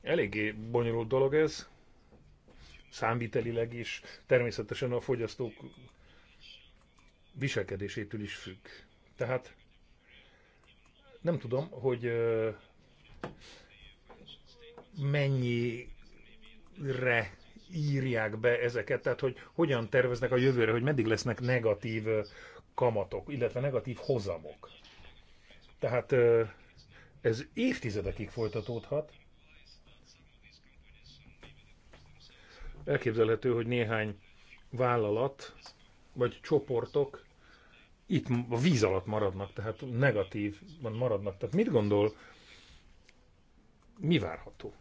Eléggé bonyolult dolog ez, számvitelileg is, természetesen a fogyasztók viselkedésétől is függ. Tehát nem tudom, hogy mennyire írják be ezeket, tehát hogy hogyan terveznek a jövőre, hogy meddig lesznek negatív kamatok, illetve negatív hozamok. Tehát ez évtizedekig folytatódhat. Elképzelhető, hogy néhány vállalat vagy csoportok itt a víz alatt maradnak, tehát negatív maradnak. Tehát mit gondol, mi várható?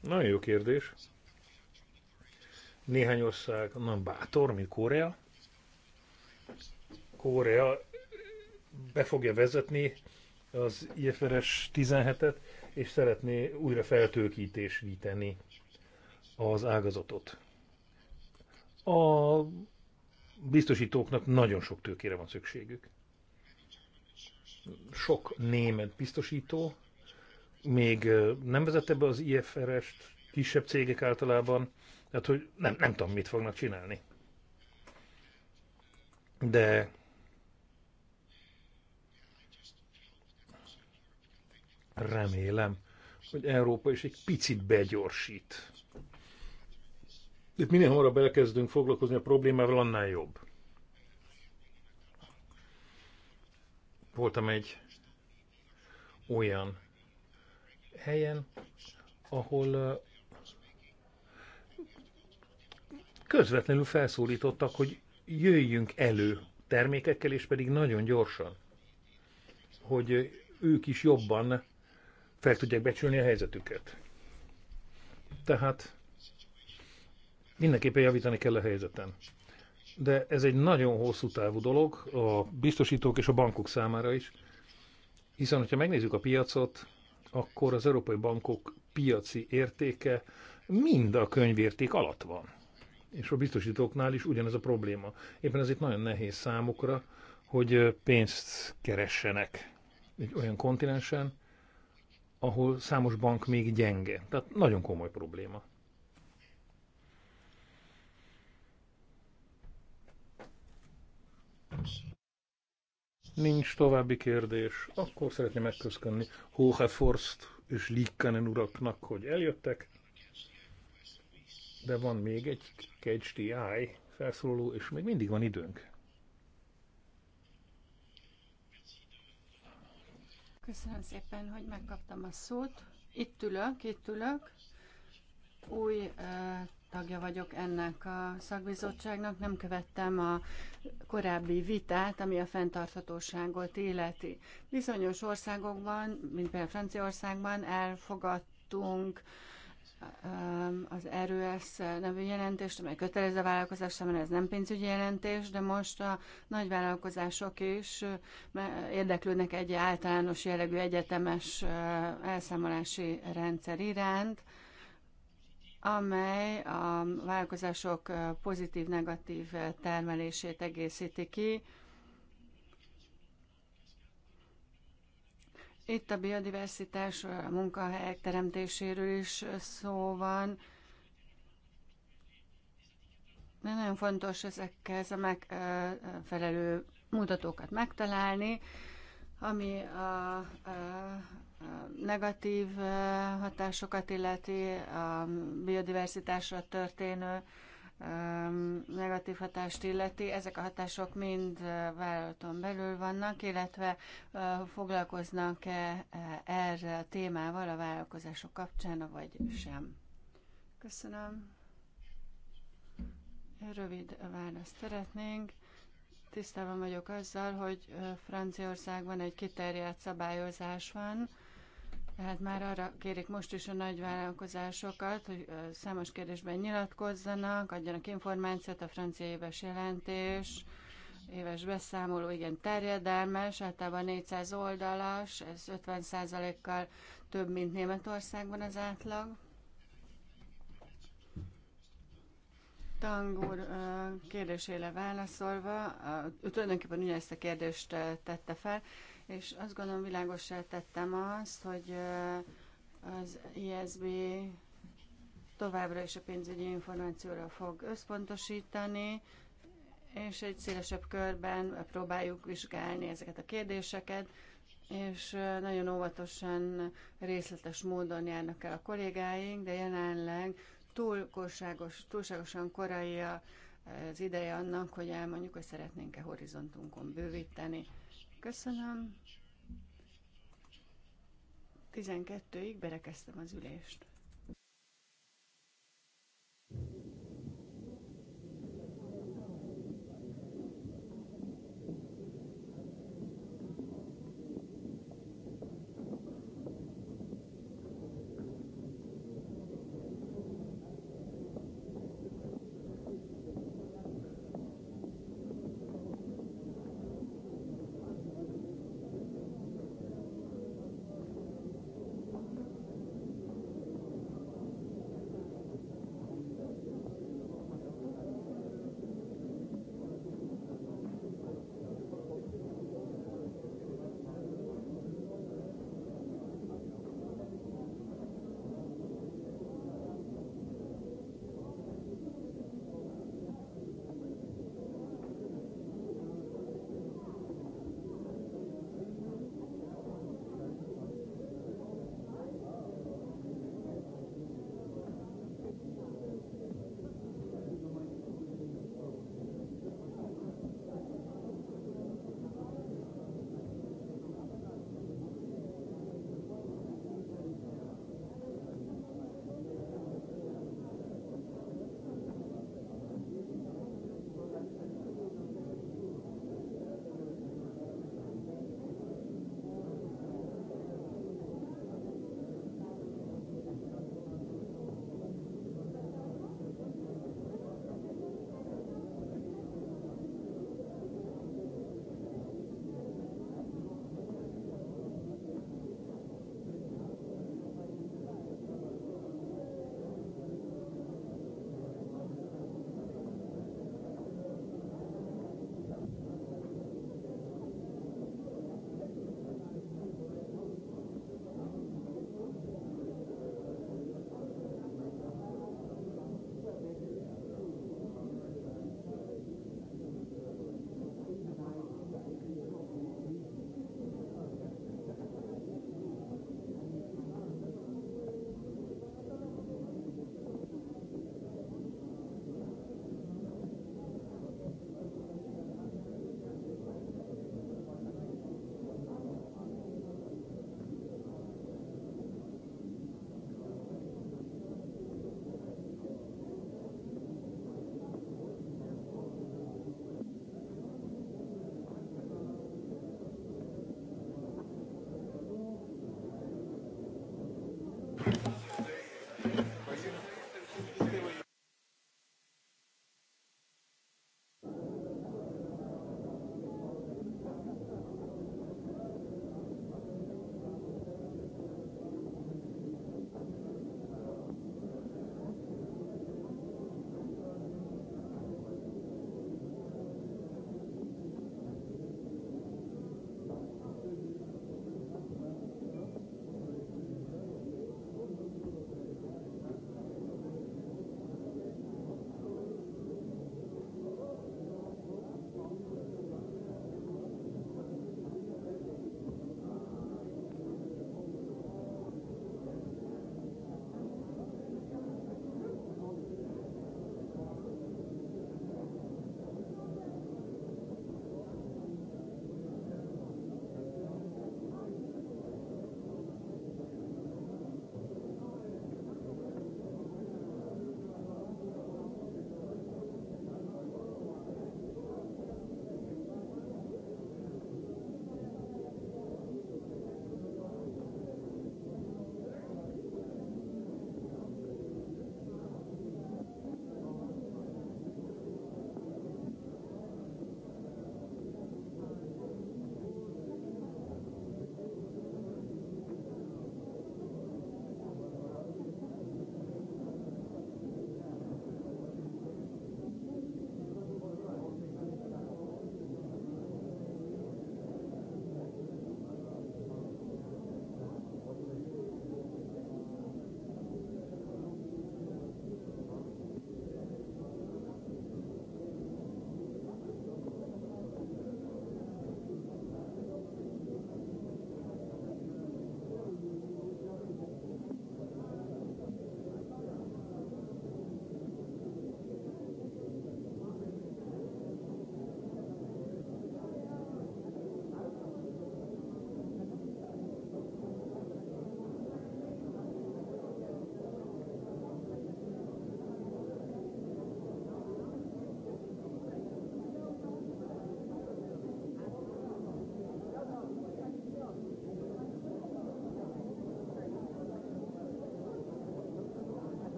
Nagyon jó kérdés. Néhány ország nem bátor, mint Korea. Korea be fogja vezetni az IFRS 17-et, és szeretné újra víteni az ágazatot. A biztosítóknak nagyon sok tőkére van szükségük. Sok német biztosító még nem vezette be az IFRS-t, kisebb cégek általában, tehát hogy nem, nem tudom, mit fognak csinálni. De Remélem, hogy Európa is egy picit begyorsít. Itt minél hamarabb elkezdünk foglalkozni a problémával, annál jobb. Voltam egy olyan helyen, ahol közvetlenül felszólítottak, hogy jöjjünk elő termékekkel, és pedig nagyon gyorsan, hogy ők is jobban fel tudják becsülni a helyzetüket. Tehát mindenképpen javítani kell a helyzeten. De ez egy nagyon hosszú távú dolog a biztosítók és a bankok számára is, hiszen hogyha megnézzük a piacot, akkor az európai bankok piaci értéke mind a könyvérték alatt van. És a biztosítóknál is ugyanez a probléma. Éppen ezért nagyon nehéz számukra, hogy pénzt keressenek egy olyan kontinensen, ahol számos bank még gyenge. Tehát nagyon komoly probléma. Nincs további kérdés. Akkor szeretném megköszönni Hoheforst és Likkanen uraknak, hogy eljöttek. De van még egy KHDI felszóló, és még mindig van időnk. Köszönöm szépen, hogy megkaptam a szót. Itt ülök, itt ülök. Új uh, tagja vagyok ennek a szakbizottságnak. Nem követtem a korábbi vitát, ami a fenntarthatóságot illeti. Bizonyos országokban, mint például Franciaországban elfogadtunk uh, az RUS nevű jelentést, amely kötelező a vállalkozás mert ez nem pénzügyi jelentés, de most a nagy vállalkozások is érdeklődnek egy általános jellegű egyetemes elszámolási rendszer iránt, amely a vállalkozások pozitív-negatív termelését egészíti ki, Itt a biodiversitás a munkahelyek teremtéséről is szó van. De nagyon fontos ezekkel a megfelelő mutatókat megtalálni, ami a, a, a negatív hatásokat illeti, a biodiversitásra történő negatív hatást illeti, ezek a hatások mind vállalaton belül vannak, illetve foglalkoznak-e erre a témával a vállalkozások kapcsán, vagy sem. Köszönöm. Rövid választ szeretnénk. Tisztában vagyok azzal, hogy Franciaországban egy kiterjedt szabályozás van, tehát már arra kérik most is a nagyvállalkozásokat, hogy számos kérdésben nyilatkozzanak, adjanak információt, a francia éves jelentés, éves beszámoló igen terjedelmes, általában 400 oldalas, ez 50%-kal több, mint Németországban az átlag. Tangúr kérdésére válaszolva, ő tulajdonképpen ugyanezt a kérdést tette fel, és azt gondolom világosra tettem azt, hogy az ISB továbbra is a pénzügyi információra fog összpontosítani, és egy szélesebb körben próbáljuk vizsgálni ezeket a kérdéseket, és nagyon óvatosan, részletes módon járnak el a kollégáink, de jelenleg túl korságos, túlságosan korai az ideje annak, hogy elmondjuk, hogy szeretnénk-e horizontunkon bővíteni. Köszönöm. 12-ig berekeztem az ülést.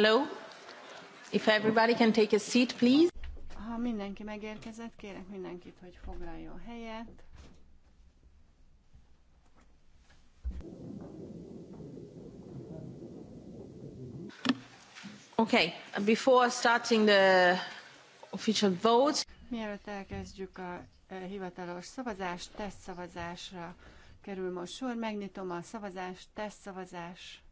Hello? If everybody can take a seat, please. Ha mindenki megérkezett, kérek mindenkit, hogy foglaljon helyet. Okay, before starting the official vote. Mielőtt elkezdjük a e, hivatalos szavazást, tesztszavazásra kerül most sor. Megnyitom a szavazást, tesztszavazás. szavazás.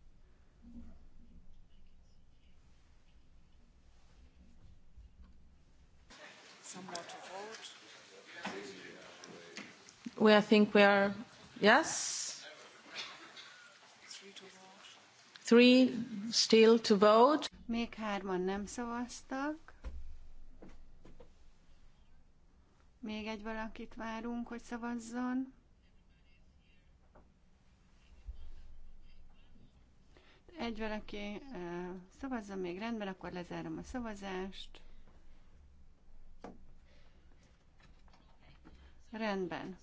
We, I think we are, yes? Three still to vote. Még hárman nem szavaztak. Még egy valakit várunk, hogy szavazzon. Egy valaki uh, eh, szavazzon még rendben, akkor lezárom a szavazást. Rendben.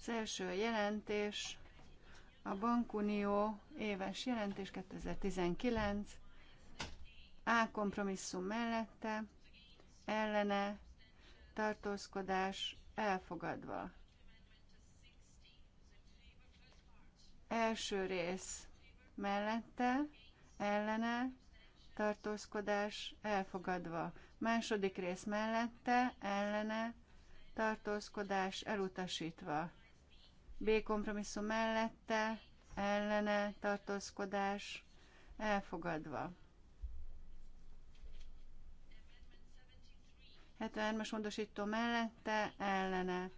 Az első jelentés a Bankunió éves jelentés 2019 A kompromisszum mellette, ellene, tartózkodás elfogadva. Első rész mellette, ellene, tartózkodás elfogadva. Második rész mellette, ellene, tartózkodás elutasítva. B kompromisszum mellette, ellene, tartózkodás elfogadva. 73-as módosító mellette, ellene,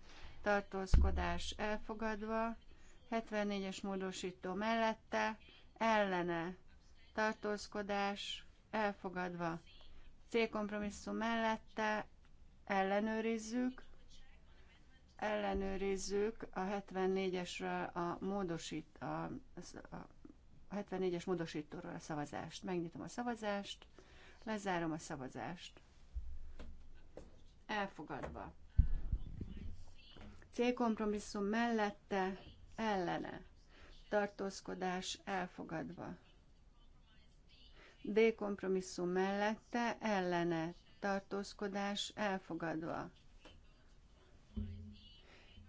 tartózkodás elfogadva. 74-es módosító mellette, ellene, tartózkodás elfogadva. C kompromisszum mellette ellenőrizzük, ellenőrizzük a 74-esről a, módosít, a, a 74-es módosítóról a szavazást. Megnyitom a szavazást, lezárom a szavazást. Elfogadva. C kompromisszum mellette ellene. Tartózkodás elfogadva. D kompromisszum mellette ellene tartózkodás elfogadva.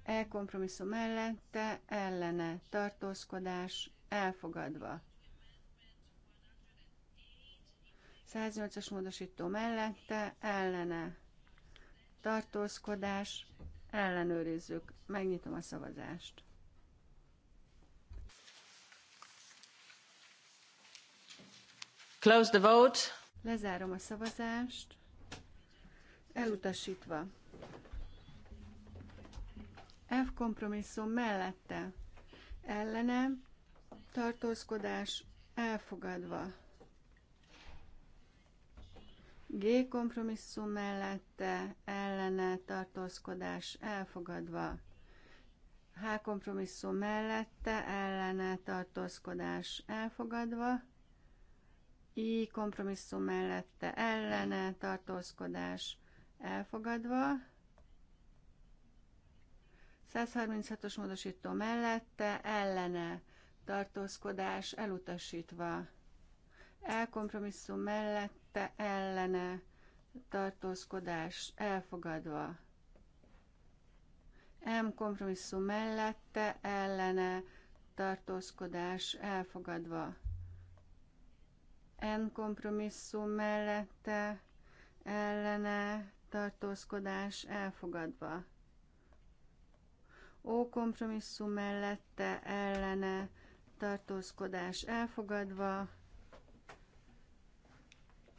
E kompromisszum mellette ellene tartózkodás elfogadva. 108-as módosító mellette ellene tartózkodás ellenőrizzük. Megnyitom a szavazást. Close the vote. Lezárom a szavazást. Elutasítva. F kompromisszum mellette. Ellene. Tartózkodás elfogadva. G kompromisszum mellette ellene tartózkodás elfogadva. H kompromisszum mellette ellene tartózkodás elfogadva. I kompromisszum mellette ellene tartózkodás elfogadva. 136-os módosító mellette ellene tartózkodás elutasítva. Elkompromisszum mellette ellene tartózkodás elfogadva. M kompromisszum mellette ellene tartózkodás elfogadva. N kompromisszum mellette ellene tartózkodás elfogadva. O kompromisszum mellette ellene tartózkodás elfogadva.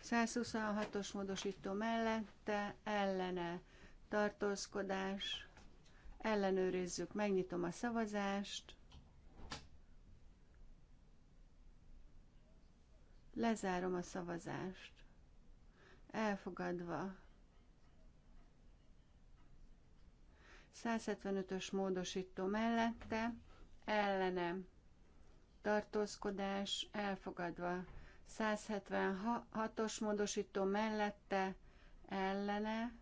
126-os módosító mellette ellene tartózkodás. Ellenőrizzük, megnyitom a szavazást. Lezárom a szavazást. Elfogadva. 175-ös módosító mellette, ellene, tartózkodás, elfogadva. 176-os módosító mellette, ellene,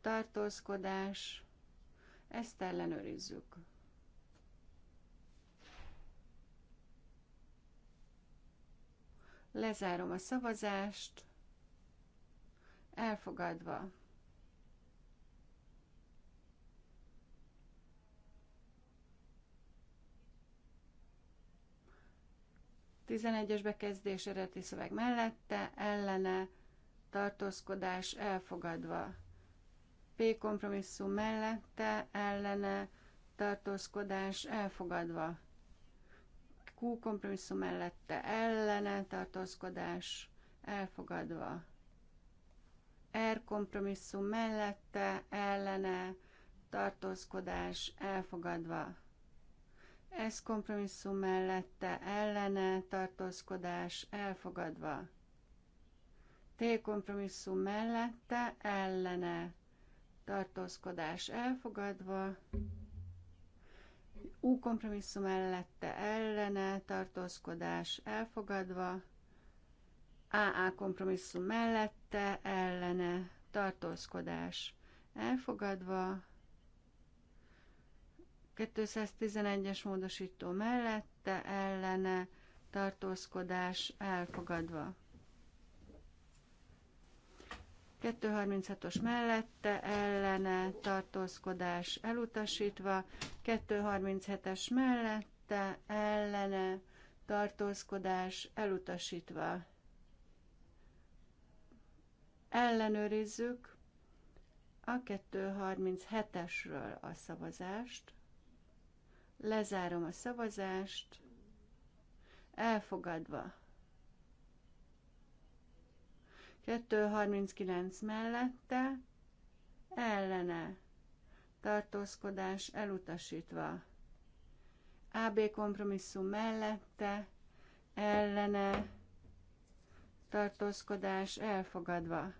tartózkodás, ezt ellenőrizzük. Lezárom a szavazást. Elfogadva. Tizenegyes bekezdés eredeti szöveg mellette, ellene, tartózkodás elfogadva. P kompromisszum mellette, ellene, tartózkodás elfogadva. Q kompromisszum mellette ellene tartózkodás elfogadva. R kompromisszum mellette ellene tartózkodás elfogadva. S kompromisszum mellette ellene tartózkodás elfogadva. T kompromisszum mellette ellene tartózkodás elfogadva. U kompromisszum mellette ellene tartózkodás elfogadva, AA kompromisszum mellette ellene tartózkodás elfogadva, 211-es módosító mellette ellene tartózkodás elfogadva. 236-os mellette ellene tartózkodás elutasítva, 237-es mellette ellene tartózkodás elutasítva. Ellenőrizzük a 237-esről a szavazást. Lezárom a szavazást. Elfogadva. 239 mellette ellene tartózkodás elutasítva. AB kompromisszum mellette ellene tartózkodás elfogadva.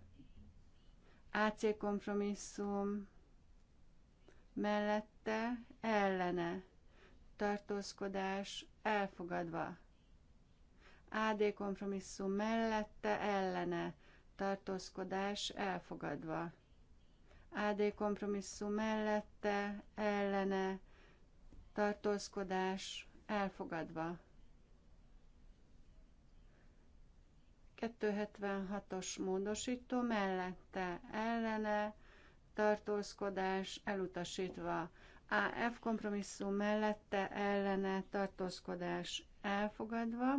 AC kompromisszum mellette ellene tartózkodás elfogadva. AD kompromisszum mellette ellene tartózkodás elfogadva. AD kompromisszum mellette, ellene, tartózkodás elfogadva. 276-os módosító mellette, ellene, tartózkodás elutasítva. AF kompromisszum mellette, ellene, tartózkodás elfogadva.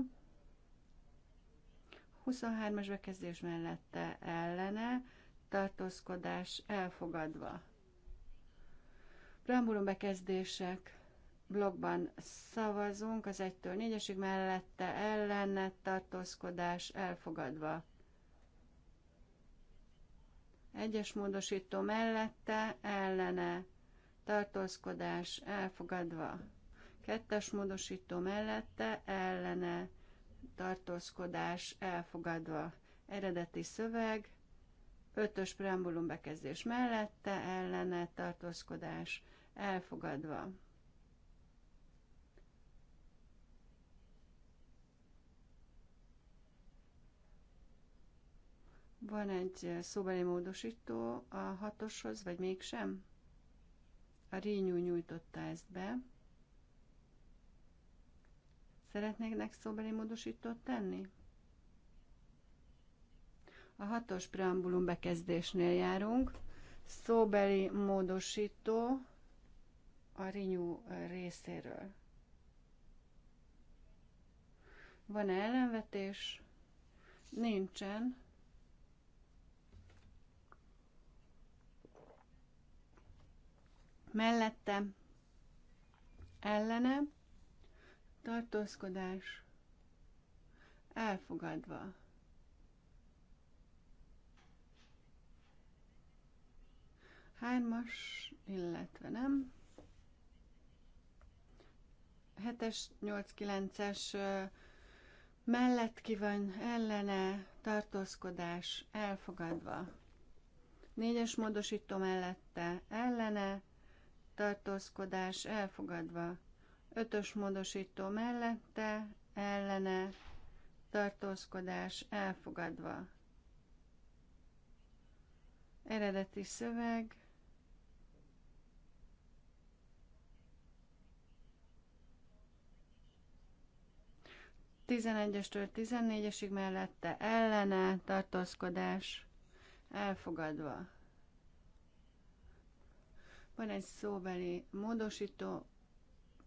23-as bekezdés mellette ellene, tartózkodás elfogadva. Preambulum bekezdések blogban szavazunk, az 1-től 4-esig mellette ellene, tartózkodás elfogadva. Egyes módosító mellette ellene, tartózkodás elfogadva. Kettes módosító mellette ellene, tartózkodás elfogadva. Eredeti szöveg, ötös preambulum bekezdés mellette, ellene tartózkodás elfogadva. Van egy szóbeli módosító a hatoshoz, vagy mégsem? A Rényú nyújtotta ezt be. Szeretnék szóbeli módosítót tenni? A hatos preambulum bekezdésnél járunk. Szóbeli módosító a rinyú részéről. Van-e ellenvetés? Nincsen. Mellette ellene tartózkodás elfogadva. Hármas, illetve nem. hetes nyolc kilences mellett ki van ellene tartózkodás elfogadva. Négyes módosító mellette ellene tartózkodás elfogadva. Ötös módosító mellette, ellene, tartózkodás elfogadva. Eredeti szöveg. Tizenegyestől tizennégyesig mellette ellene tartózkodás elfogadva. Van egy szóbeli módosító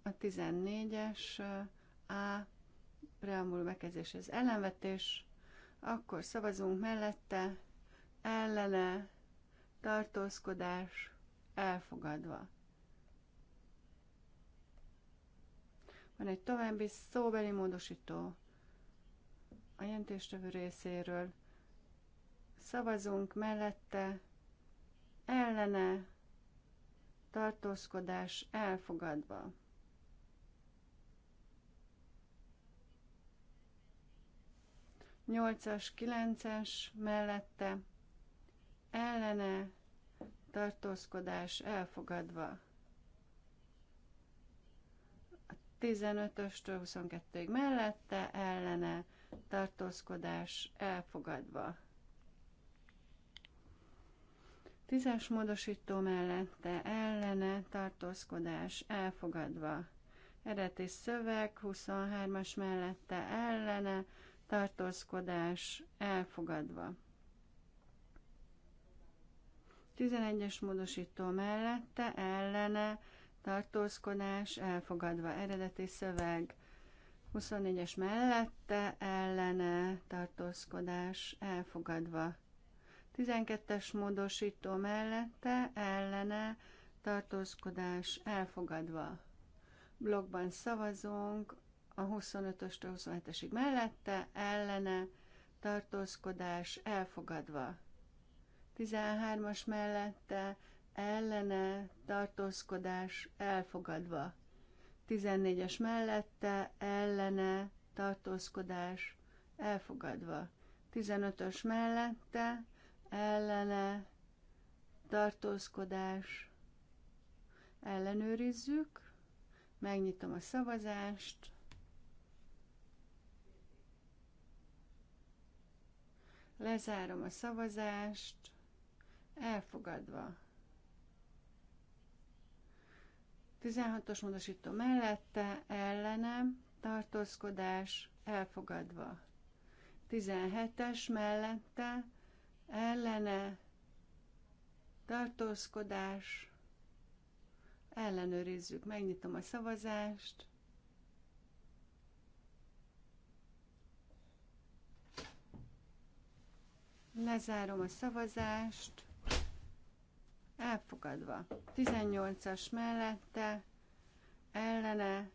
a 14-es A preambul bekezdés az ellenvetés, akkor szavazunk mellette, ellene, tartózkodás, elfogadva. Van egy további szóbeli módosító a jelentéstevő részéről. Szavazunk mellette, ellene, tartózkodás elfogadva. 8-as, 9-es mellette ellene tartózkodás elfogadva. A 15-östől 22-ig mellette ellene tartózkodás elfogadva. 10-es módosító mellette ellene tartózkodás elfogadva. Eredeti szöveg 23-as mellette ellene tartózkodás elfogadva. 11-es módosító mellette ellene tartózkodás elfogadva. Eredeti szöveg 24-es mellette ellene tartózkodás elfogadva. 12-es módosító mellette ellene tartózkodás elfogadva. Blogban szavazunk a 25-östől 27-esig mellette, ellene, tartózkodás elfogadva. 13-as mellette, ellene, tartózkodás elfogadva. 14-es mellette, ellene, tartózkodás elfogadva. 15-ös mellette, ellene, tartózkodás ellenőrizzük. Megnyitom a szavazást. Lezárom a szavazást. Elfogadva. 16-os módosító mellette, ellenem, tartózkodás, elfogadva. 17-es mellette, ellene, tartózkodás, ellenőrizzük, megnyitom a szavazást, Lezárom a szavazást. Elfogadva. 18-as mellette, ellene,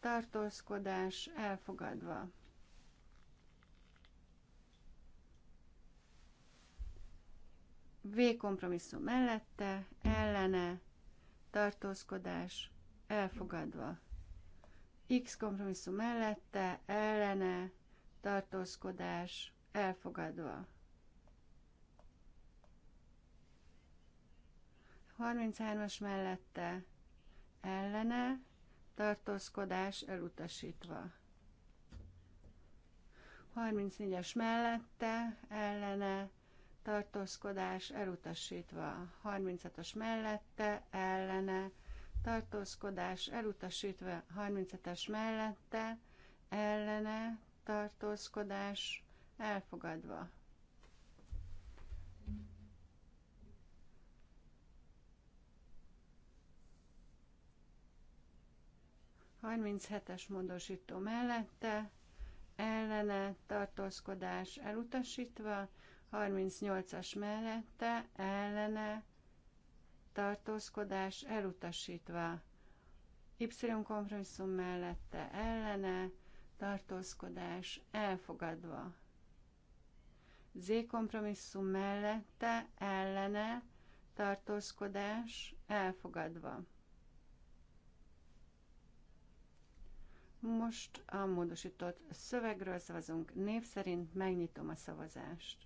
tartózkodás, elfogadva. V kompromisszum mellette, ellene, tartózkodás, elfogadva. X kompromisszum mellette, ellene, tartózkodás, elfogadva. 33-as mellette ellene, tartózkodás elutasítva. 34-es mellette ellene, tartózkodás elutasítva. 36-os mellette ellene, tartózkodás elutasítva. 37-es mellette ellene, tartózkodás elfogadva. 37-es módosító mellette, ellene tartózkodás elutasítva, 38-as mellette, ellene tartózkodás elutasítva, Y kompromisszum mellette, ellene tartózkodás elfogadva. Z kompromisszum mellette, ellene tartózkodás elfogadva. Most a módosított szövegről szavazunk. Név szerint megnyitom a szavazást.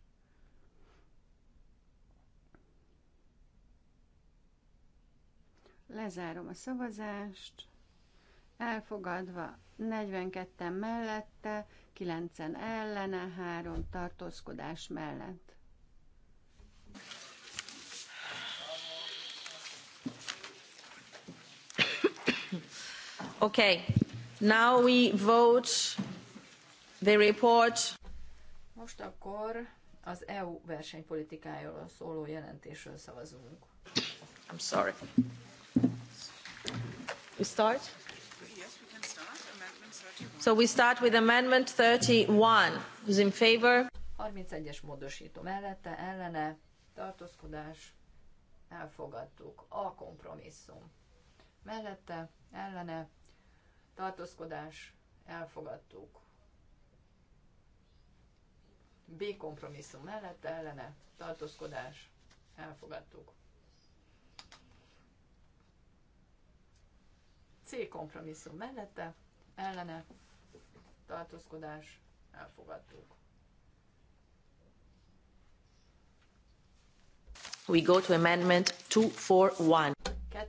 Lezárom a szavazást. Elfogadva 42 mellette, 9 ellene, 3 tartózkodás mellett. Okay. Now we vote the report. Most akkor az EU versenypolitikájáról szóló jelentésről szavazunk. I'm sorry. We start? Yes, we can start. Amendment 31. So we start with amendment 31. Who's in favor? 31-es módosító mellette, ellene, tartózkodás, elfogadtuk, a kompromisszum. Mellette, ellene, tartózkodás, elfogadtuk. B kompromisszum mellette ellene, tartózkodás, elfogadtuk. C kompromisszum mellette, ellene, tartózkodás, elfogadtuk. We go to amendment 241.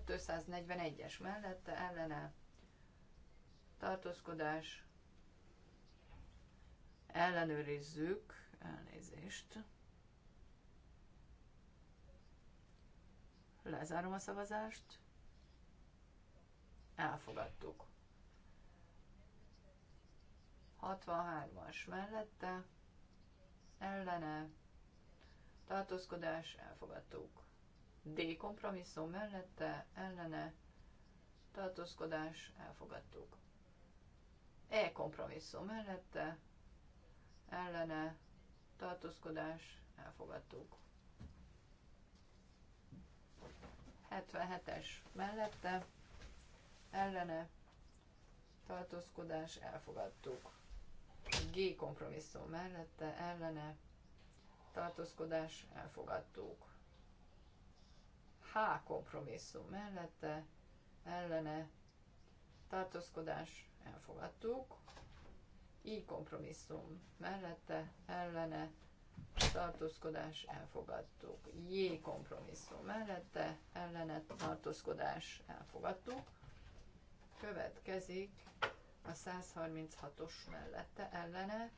241-es mellette, ellene, tartózkodás, ellenőrizzük, elnézést, lezárom a szavazást, elfogadtuk. 63-as mellette, ellene, tartózkodás, elfogadtuk. D kompromisszum mellette, ellene, tartózkodás, elfogadtuk. E kompromisszum mellette ellene tartózkodás elfogadtuk. 77-es mellette ellene tartózkodás elfogadtuk. G kompromisszum mellette ellene tartózkodás elfogadtuk. H kompromisszum mellette ellene tartózkodás elfogadtuk. Így kompromisszum mellette, ellene, tartózkodás, elfogadtuk. J kompromisszum mellette, ellene, tartózkodás, elfogadtuk. Következik a 136-os mellette, ellene,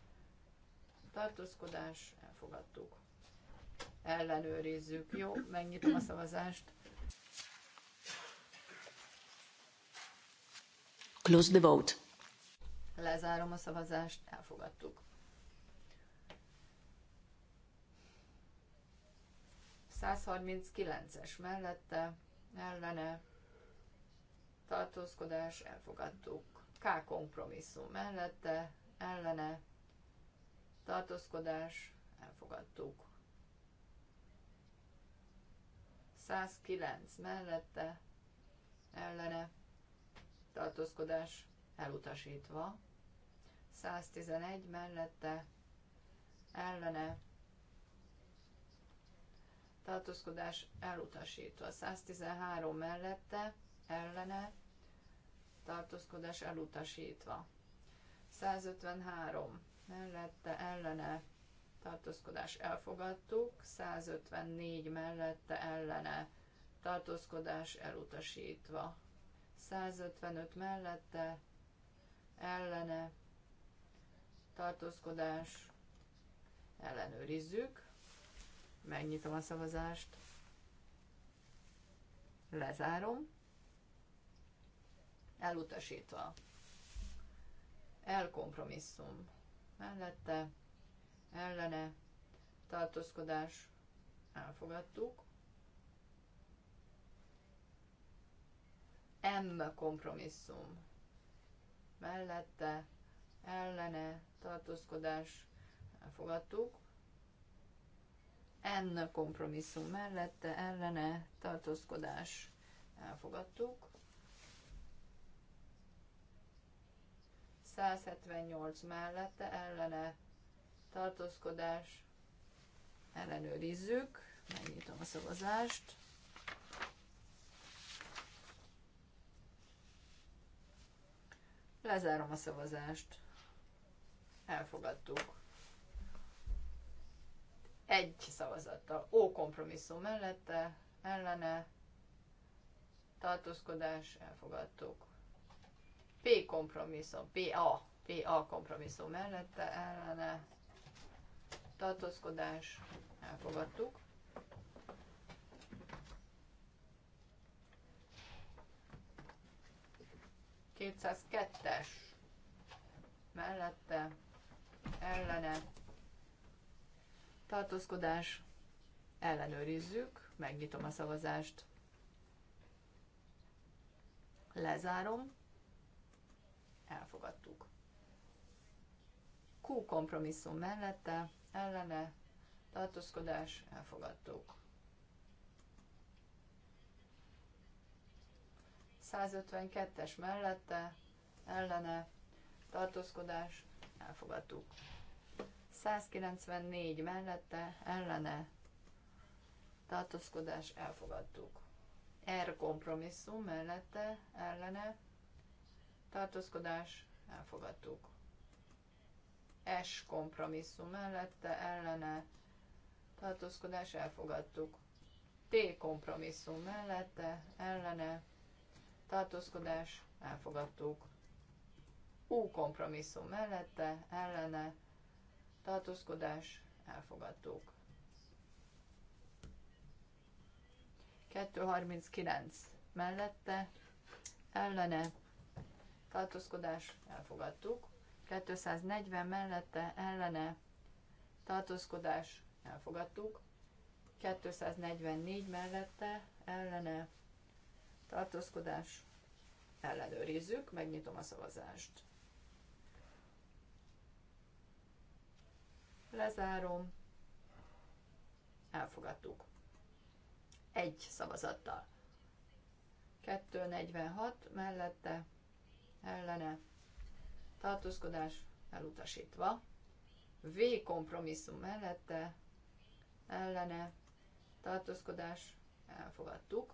tartózkodás, elfogadtuk. Ellenőrizzük. Jó, megnyitom a szavazást. Close the vote. Lezárom a szavazást, elfogadtuk. 139-es mellette, ellene, tartózkodás, elfogadtuk. K kompromisszum mellette, ellene, tartózkodás, elfogadtuk. 109 mellette, ellene, tartózkodás elutasítva. 111 mellette ellene tartózkodás elutasítva. 113 mellette ellene tartózkodás elutasítva. 153 mellette ellene tartózkodás elfogadtuk, 154 mellette ellene tartózkodás elutasítva. 155 mellette ellene tartózkodás ellenőrizzük. Megnyitom a szavazást. Lezárom. Elutasítva. Elkompromisszum. Mellette ellene tartózkodás elfogadtuk. M kompromisszum. Mellette, ellene, tartózkodás, elfogadtuk. N kompromisszum mellette, ellene, tartózkodás, elfogadtuk. 178 mellette, ellene, tartózkodás, ellenőrizzük, megnyitom a szavazást. Lezárom a szavazást. Elfogadtuk. Egy szavazattal. Ó kompromisszum mellette, ellene, tartózkodás, elfogadtuk. P kompromisszum, PA, PA kompromisszum mellette, ellene, tartózkodás, elfogadtuk. 202-es mellette ellene tartózkodás ellenőrizzük, megnyitom a szavazást, lezárom, elfogadtuk. Q kompromisszum mellette ellene tartózkodás elfogadtuk. 152-es mellette, ellene, tartózkodás, elfogadtuk. 194 mellette, ellene, tartózkodás, elfogadtuk. R kompromisszum mellette, ellene, tartózkodás, elfogadtuk. S kompromisszum mellette, ellene, tartózkodás, elfogadtuk. T kompromisszum mellette, ellene, tartózkodás, elfogadtuk. U kompromisszum mellette, ellene, tartózkodás, elfogadtuk. 239 mellette, ellene, tartózkodás, elfogadtuk. 240 mellette, ellene, tartózkodás, elfogadtuk. 244 mellette, ellene, tartózkodás, ellenőrizzük, megnyitom a szavazást. Lezárom, elfogadtuk. Egy szavazattal. 246 mellette, ellene, tartózkodás elutasítva. V kompromisszum mellette, ellene, tartózkodás elfogadtuk.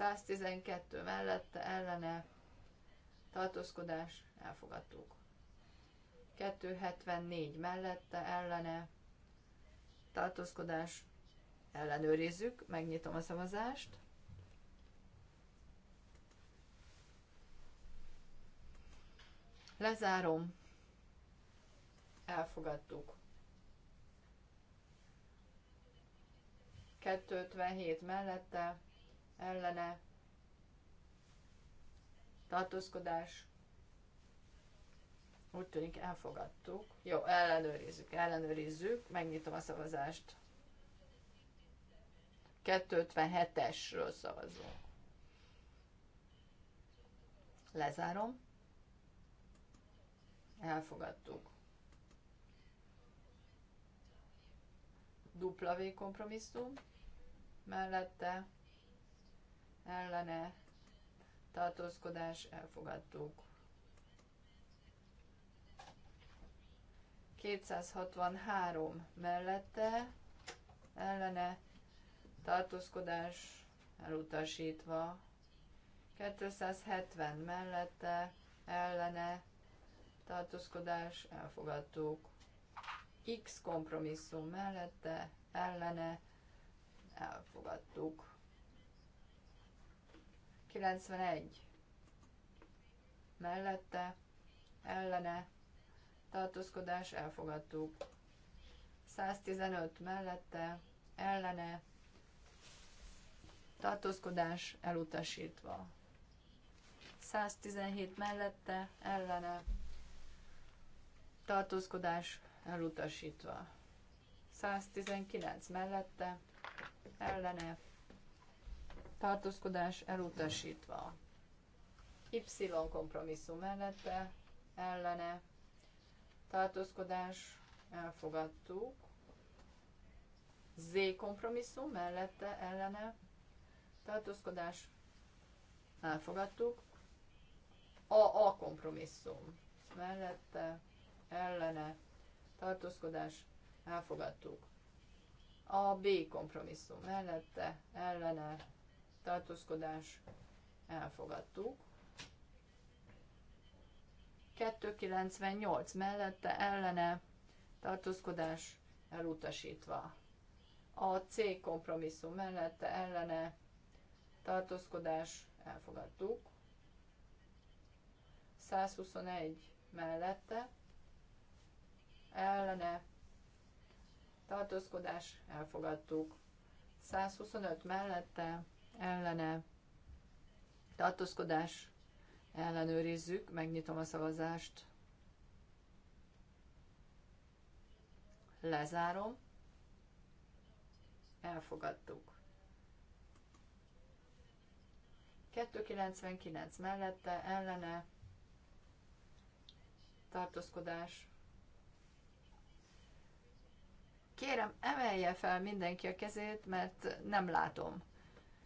112 mellette ellene tartózkodás elfogadtuk. 274 mellette ellene tartózkodás ellenőrizzük, megnyitom a szavazást. Lezárom. Elfogadtuk. 257 mellette ellene tartózkodás. Úgy tűnik elfogadtuk. Jó, ellenőrizzük, ellenőrizzük. Megnyitom a szavazást. 257-esről szavazunk. Lezárom. Elfogadtuk. Dupla V kompromisszum mellette ellene tartózkodás elfogadtuk. 263 mellette ellene tartózkodás elutasítva. 270 mellette ellene tartózkodás elfogadtuk. X kompromisszum mellette ellene elfogadtuk. 91 mellette, ellene, tartózkodás, elfogadtuk. 115 mellette, ellene, tartózkodás, elutasítva. 117 mellette, ellene, tartózkodás, elutasítva. 119 mellette, ellene, tartózkodás elutasítva. Y kompromisszum mellette, ellene, tartózkodás elfogadtuk. Z kompromisszum mellette, ellene, tartózkodás elfogadtuk. a a kompromisszum mellette, ellene, tartózkodás elfogadtuk. A B kompromisszum mellette, ellene, tartózkodás, elfogadtuk. 298 mellette ellene tartózkodás elutasítva. A C kompromisszum mellette ellene tartózkodás elfogadtuk. 121 mellette ellene tartózkodás elfogadtuk. 125 mellette ellene tartózkodás ellenőrizzük, megnyitom a szavazást, lezárom, elfogadtuk. 299 mellette ellene tartózkodás. Kérem, emelje fel mindenki a kezét, mert nem látom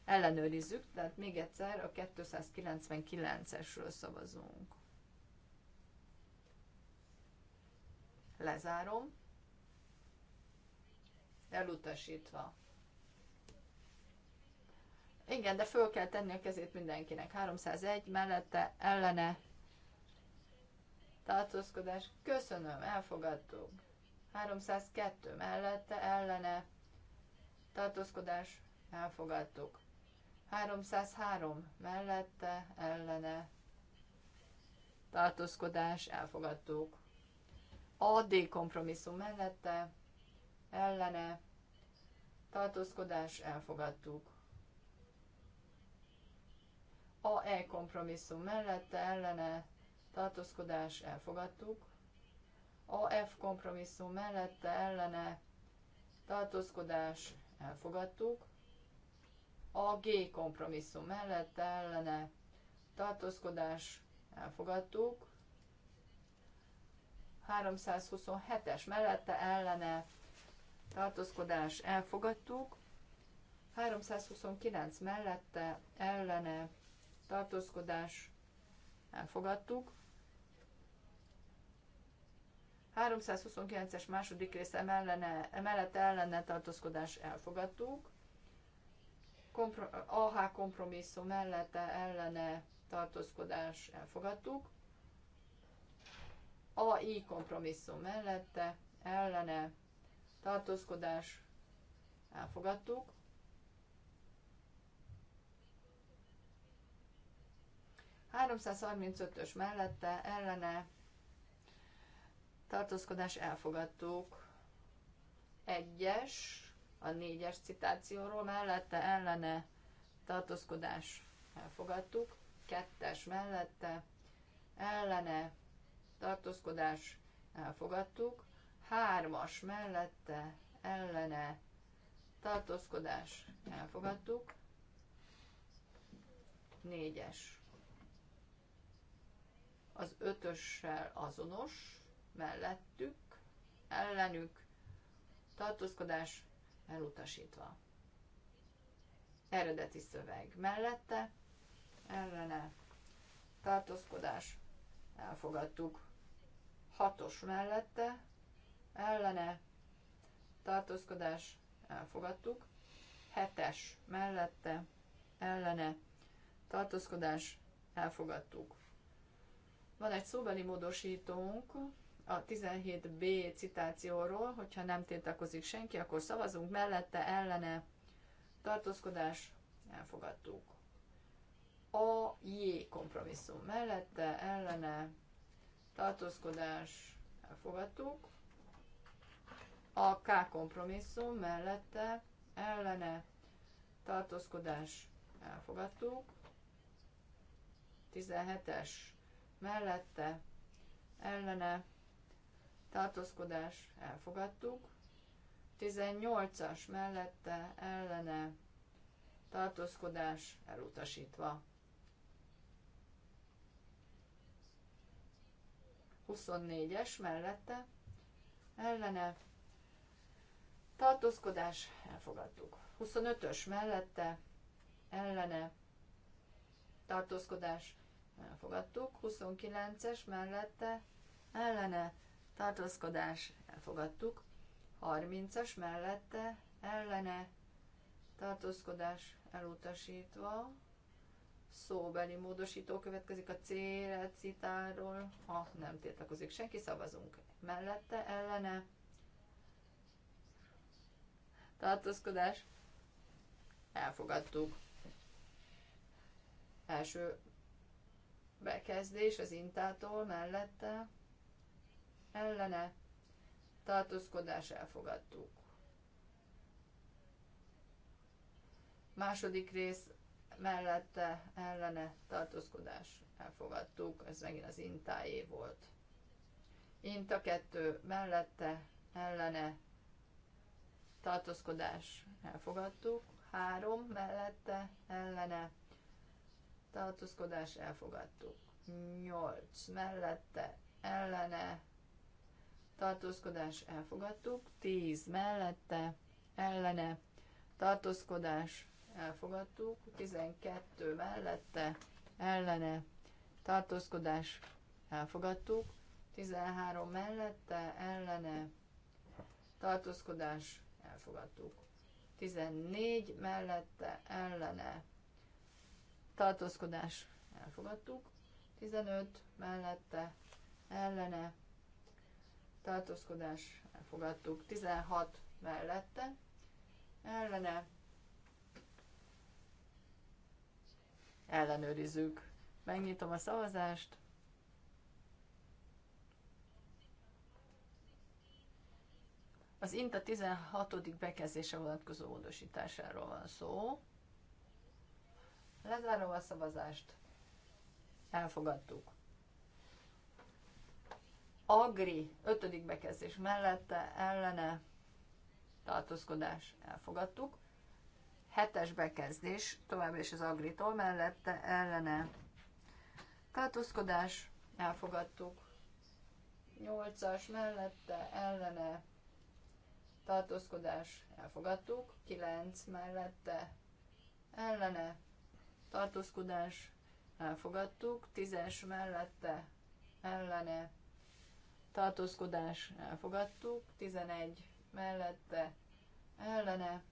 ellenőrizzük, tehát még egyszer a 299-esről szavazunk. Lezárom. Elutasítva. Igen, de föl kell tenni a kezét mindenkinek. 301 mellette, ellene, tartózkodás. Köszönöm, elfogadtuk. 302 mellette, ellene, tartózkodás, elfogadtuk. 303 mellette, ellene, tartózkodás, elfogadtuk. A D kompromisszum mellette, ellene, tartózkodás, elfogadtuk. A E kompromisszum mellette, ellene, tartózkodás, elfogadtuk. A F kompromisszum mellette, ellene, tartózkodás, elfogadtuk a G kompromisszum mellett ellene tartózkodás elfogadtuk. 327-es mellette ellene tartózkodás elfogadtuk. 329 mellette ellene tartózkodás elfogadtuk. 329-es második része mellene, mellett ellene tartózkodás elfogadtuk komprom- AH kompromisszum mellette ellene tartózkodás elfogadtuk, AI kompromisszum mellette ellene tartózkodás elfogadtuk, ös mellette ellene tartózkodás elfogadtuk, egyes a négyes citációról, mellette ellene tartózkodás elfogadtuk, kettes mellette ellene tartózkodás elfogadtuk, hármas mellette ellene tartózkodás elfogadtuk, négyes az ötössel azonos, mellettük, ellenük, tartózkodás elutasítva. Eredeti szöveg mellette, ellene, tartózkodás, elfogadtuk. Hatos mellette, ellene, tartózkodás, elfogadtuk. Hetes mellette, ellene, tartózkodás, elfogadtuk. Van egy szóbeli módosítónk, a 17b citációról, hogyha nem tiltakozik senki, akkor szavazunk mellette, ellene, tartózkodás, elfogadtuk. A J kompromisszum mellette, ellene, tartózkodás, elfogadtuk. A K kompromisszum mellette, ellene, tartózkodás, elfogadtuk. 17-es mellette, ellene, tartózkodás, elfogadtuk. 18-as mellette ellene tartózkodás elutasítva. 24-es mellette ellene tartózkodás elfogadtuk. 25-ös mellette ellene tartózkodás elfogadtuk. 29-es mellette ellene tartózkodás, elfogadtuk. 30-as mellette, ellene, tartózkodás, elutasítva. Szóbeli módosító következik a C Ha nem tiltakozik senki, szavazunk mellette, ellene. Tartózkodás, elfogadtuk. Első bekezdés az intától mellette ellene, tartózkodás elfogadtuk. Második rész mellette, ellene, tartózkodás elfogadtuk, ez megint az intájé volt. Inta kettő mellette, ellene, tartózkodás elfogadtuk, három mellette, ellene, tartózkodás elfogadtuk. Nyolc mellette, ellene, tartózkodás elfogadtuk, 10 mellette, ellene, tartózkodás elfogadtuk, 12 mellette, ellene, tartózkodás elfogadtuk, 13 mellette, ellene, tartózkodás elfogadtuk, 14 mellette, ellene, tartózkodás elfogadtuk, 15 mellette, ellene, tartózkodás, elfogadtuk. 16 mellette, ellene, ellenőrizzük. Megnyitom a szavazást. Az INTA 16. bekezdése vonatkozó módosításáról van szó. Lezárom a szavazást. Elfogadtuk. Agri, ötödik bekezdés mellette, ellene, tartózkodás, elfogadtuk. Hetes bekezdés, továbbra is az Agritól, mellette, ellene, tartózkodás, elfogadtuk. Nyolcas mellette, ellene, tartózkodás, elfogadtuk. Kilenc mellette, ellene, tartózkodás, elfogadtuk. Tízes mellette, ellene, tartózkodás elfogadtuk, 11 mellette ellene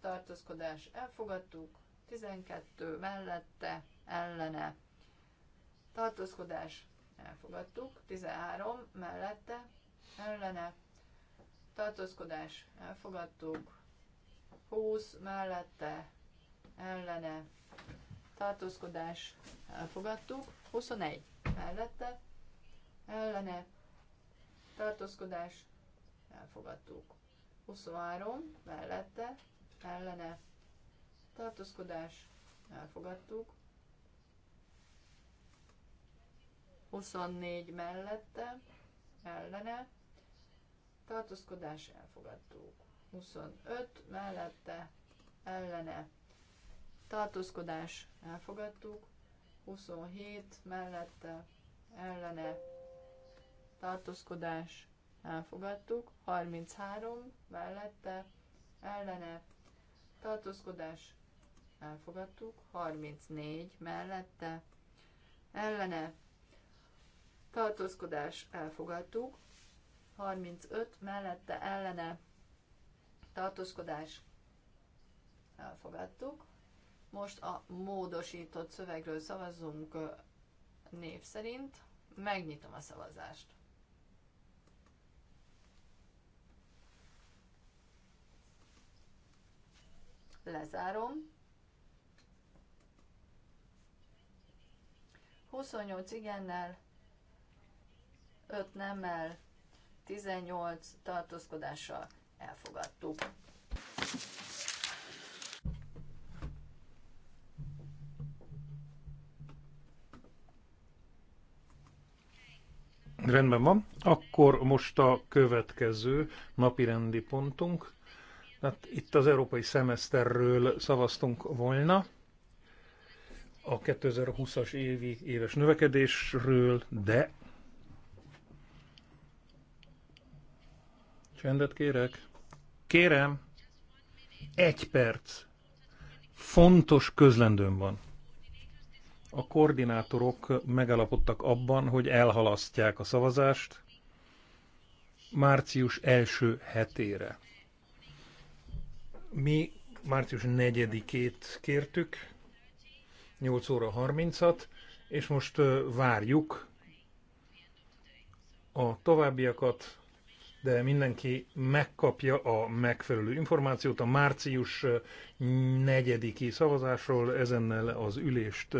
tartózkodás elfogadtuk, 12 mellette ellene tartózkodás elfogadtuk, 13 mellette ellene tartózkodás elfogadtuk, 20 mellette ellene tartózkodás elfogadtuk, 21 mellette ellene tartózkodás, elfogadtuk. 23 mellette, ellene, tartózkodás, elfogadtuk. 24 mellette, ellene, tartózkodás, elfogadtuk. 25 mellette, ellene, tartózkodás, elfogadtuk. 27 mellette, ellene, tartózkodás, elfogadtuk, 33 mellette, ellene, tartózkodás, elfogadtuk, 34 mellette, ellene, tartózkodás, elfogadtuk, 35 mellette, ellene, tartózkodás, elfogadtuk. Most a módosított szövegről szavazunk név szerint. Megnyitom a szavazást. lezárom. 28 igennel, 5 nemmel, 18 tartózkodással elfogadtuk. Rendben van. Akkor most a következő napirendi pontunk Hát itt az európai szemeszterről szavaztunk volna, a 2020-as évi éves növekedésről, de... Csendet kérek. Kérem, egy perc. Fontos közlendőm van. A koordinátorok megalapodtak abban, hogy elhalasztják a szavazást március első hetére. Mi március 4-ét kértük, 8 óra 30-at, és most várjuk a továbbiakat, de mindenki megkapja a megfelelő információt a március 4-i szavazásról, ezennel az ülést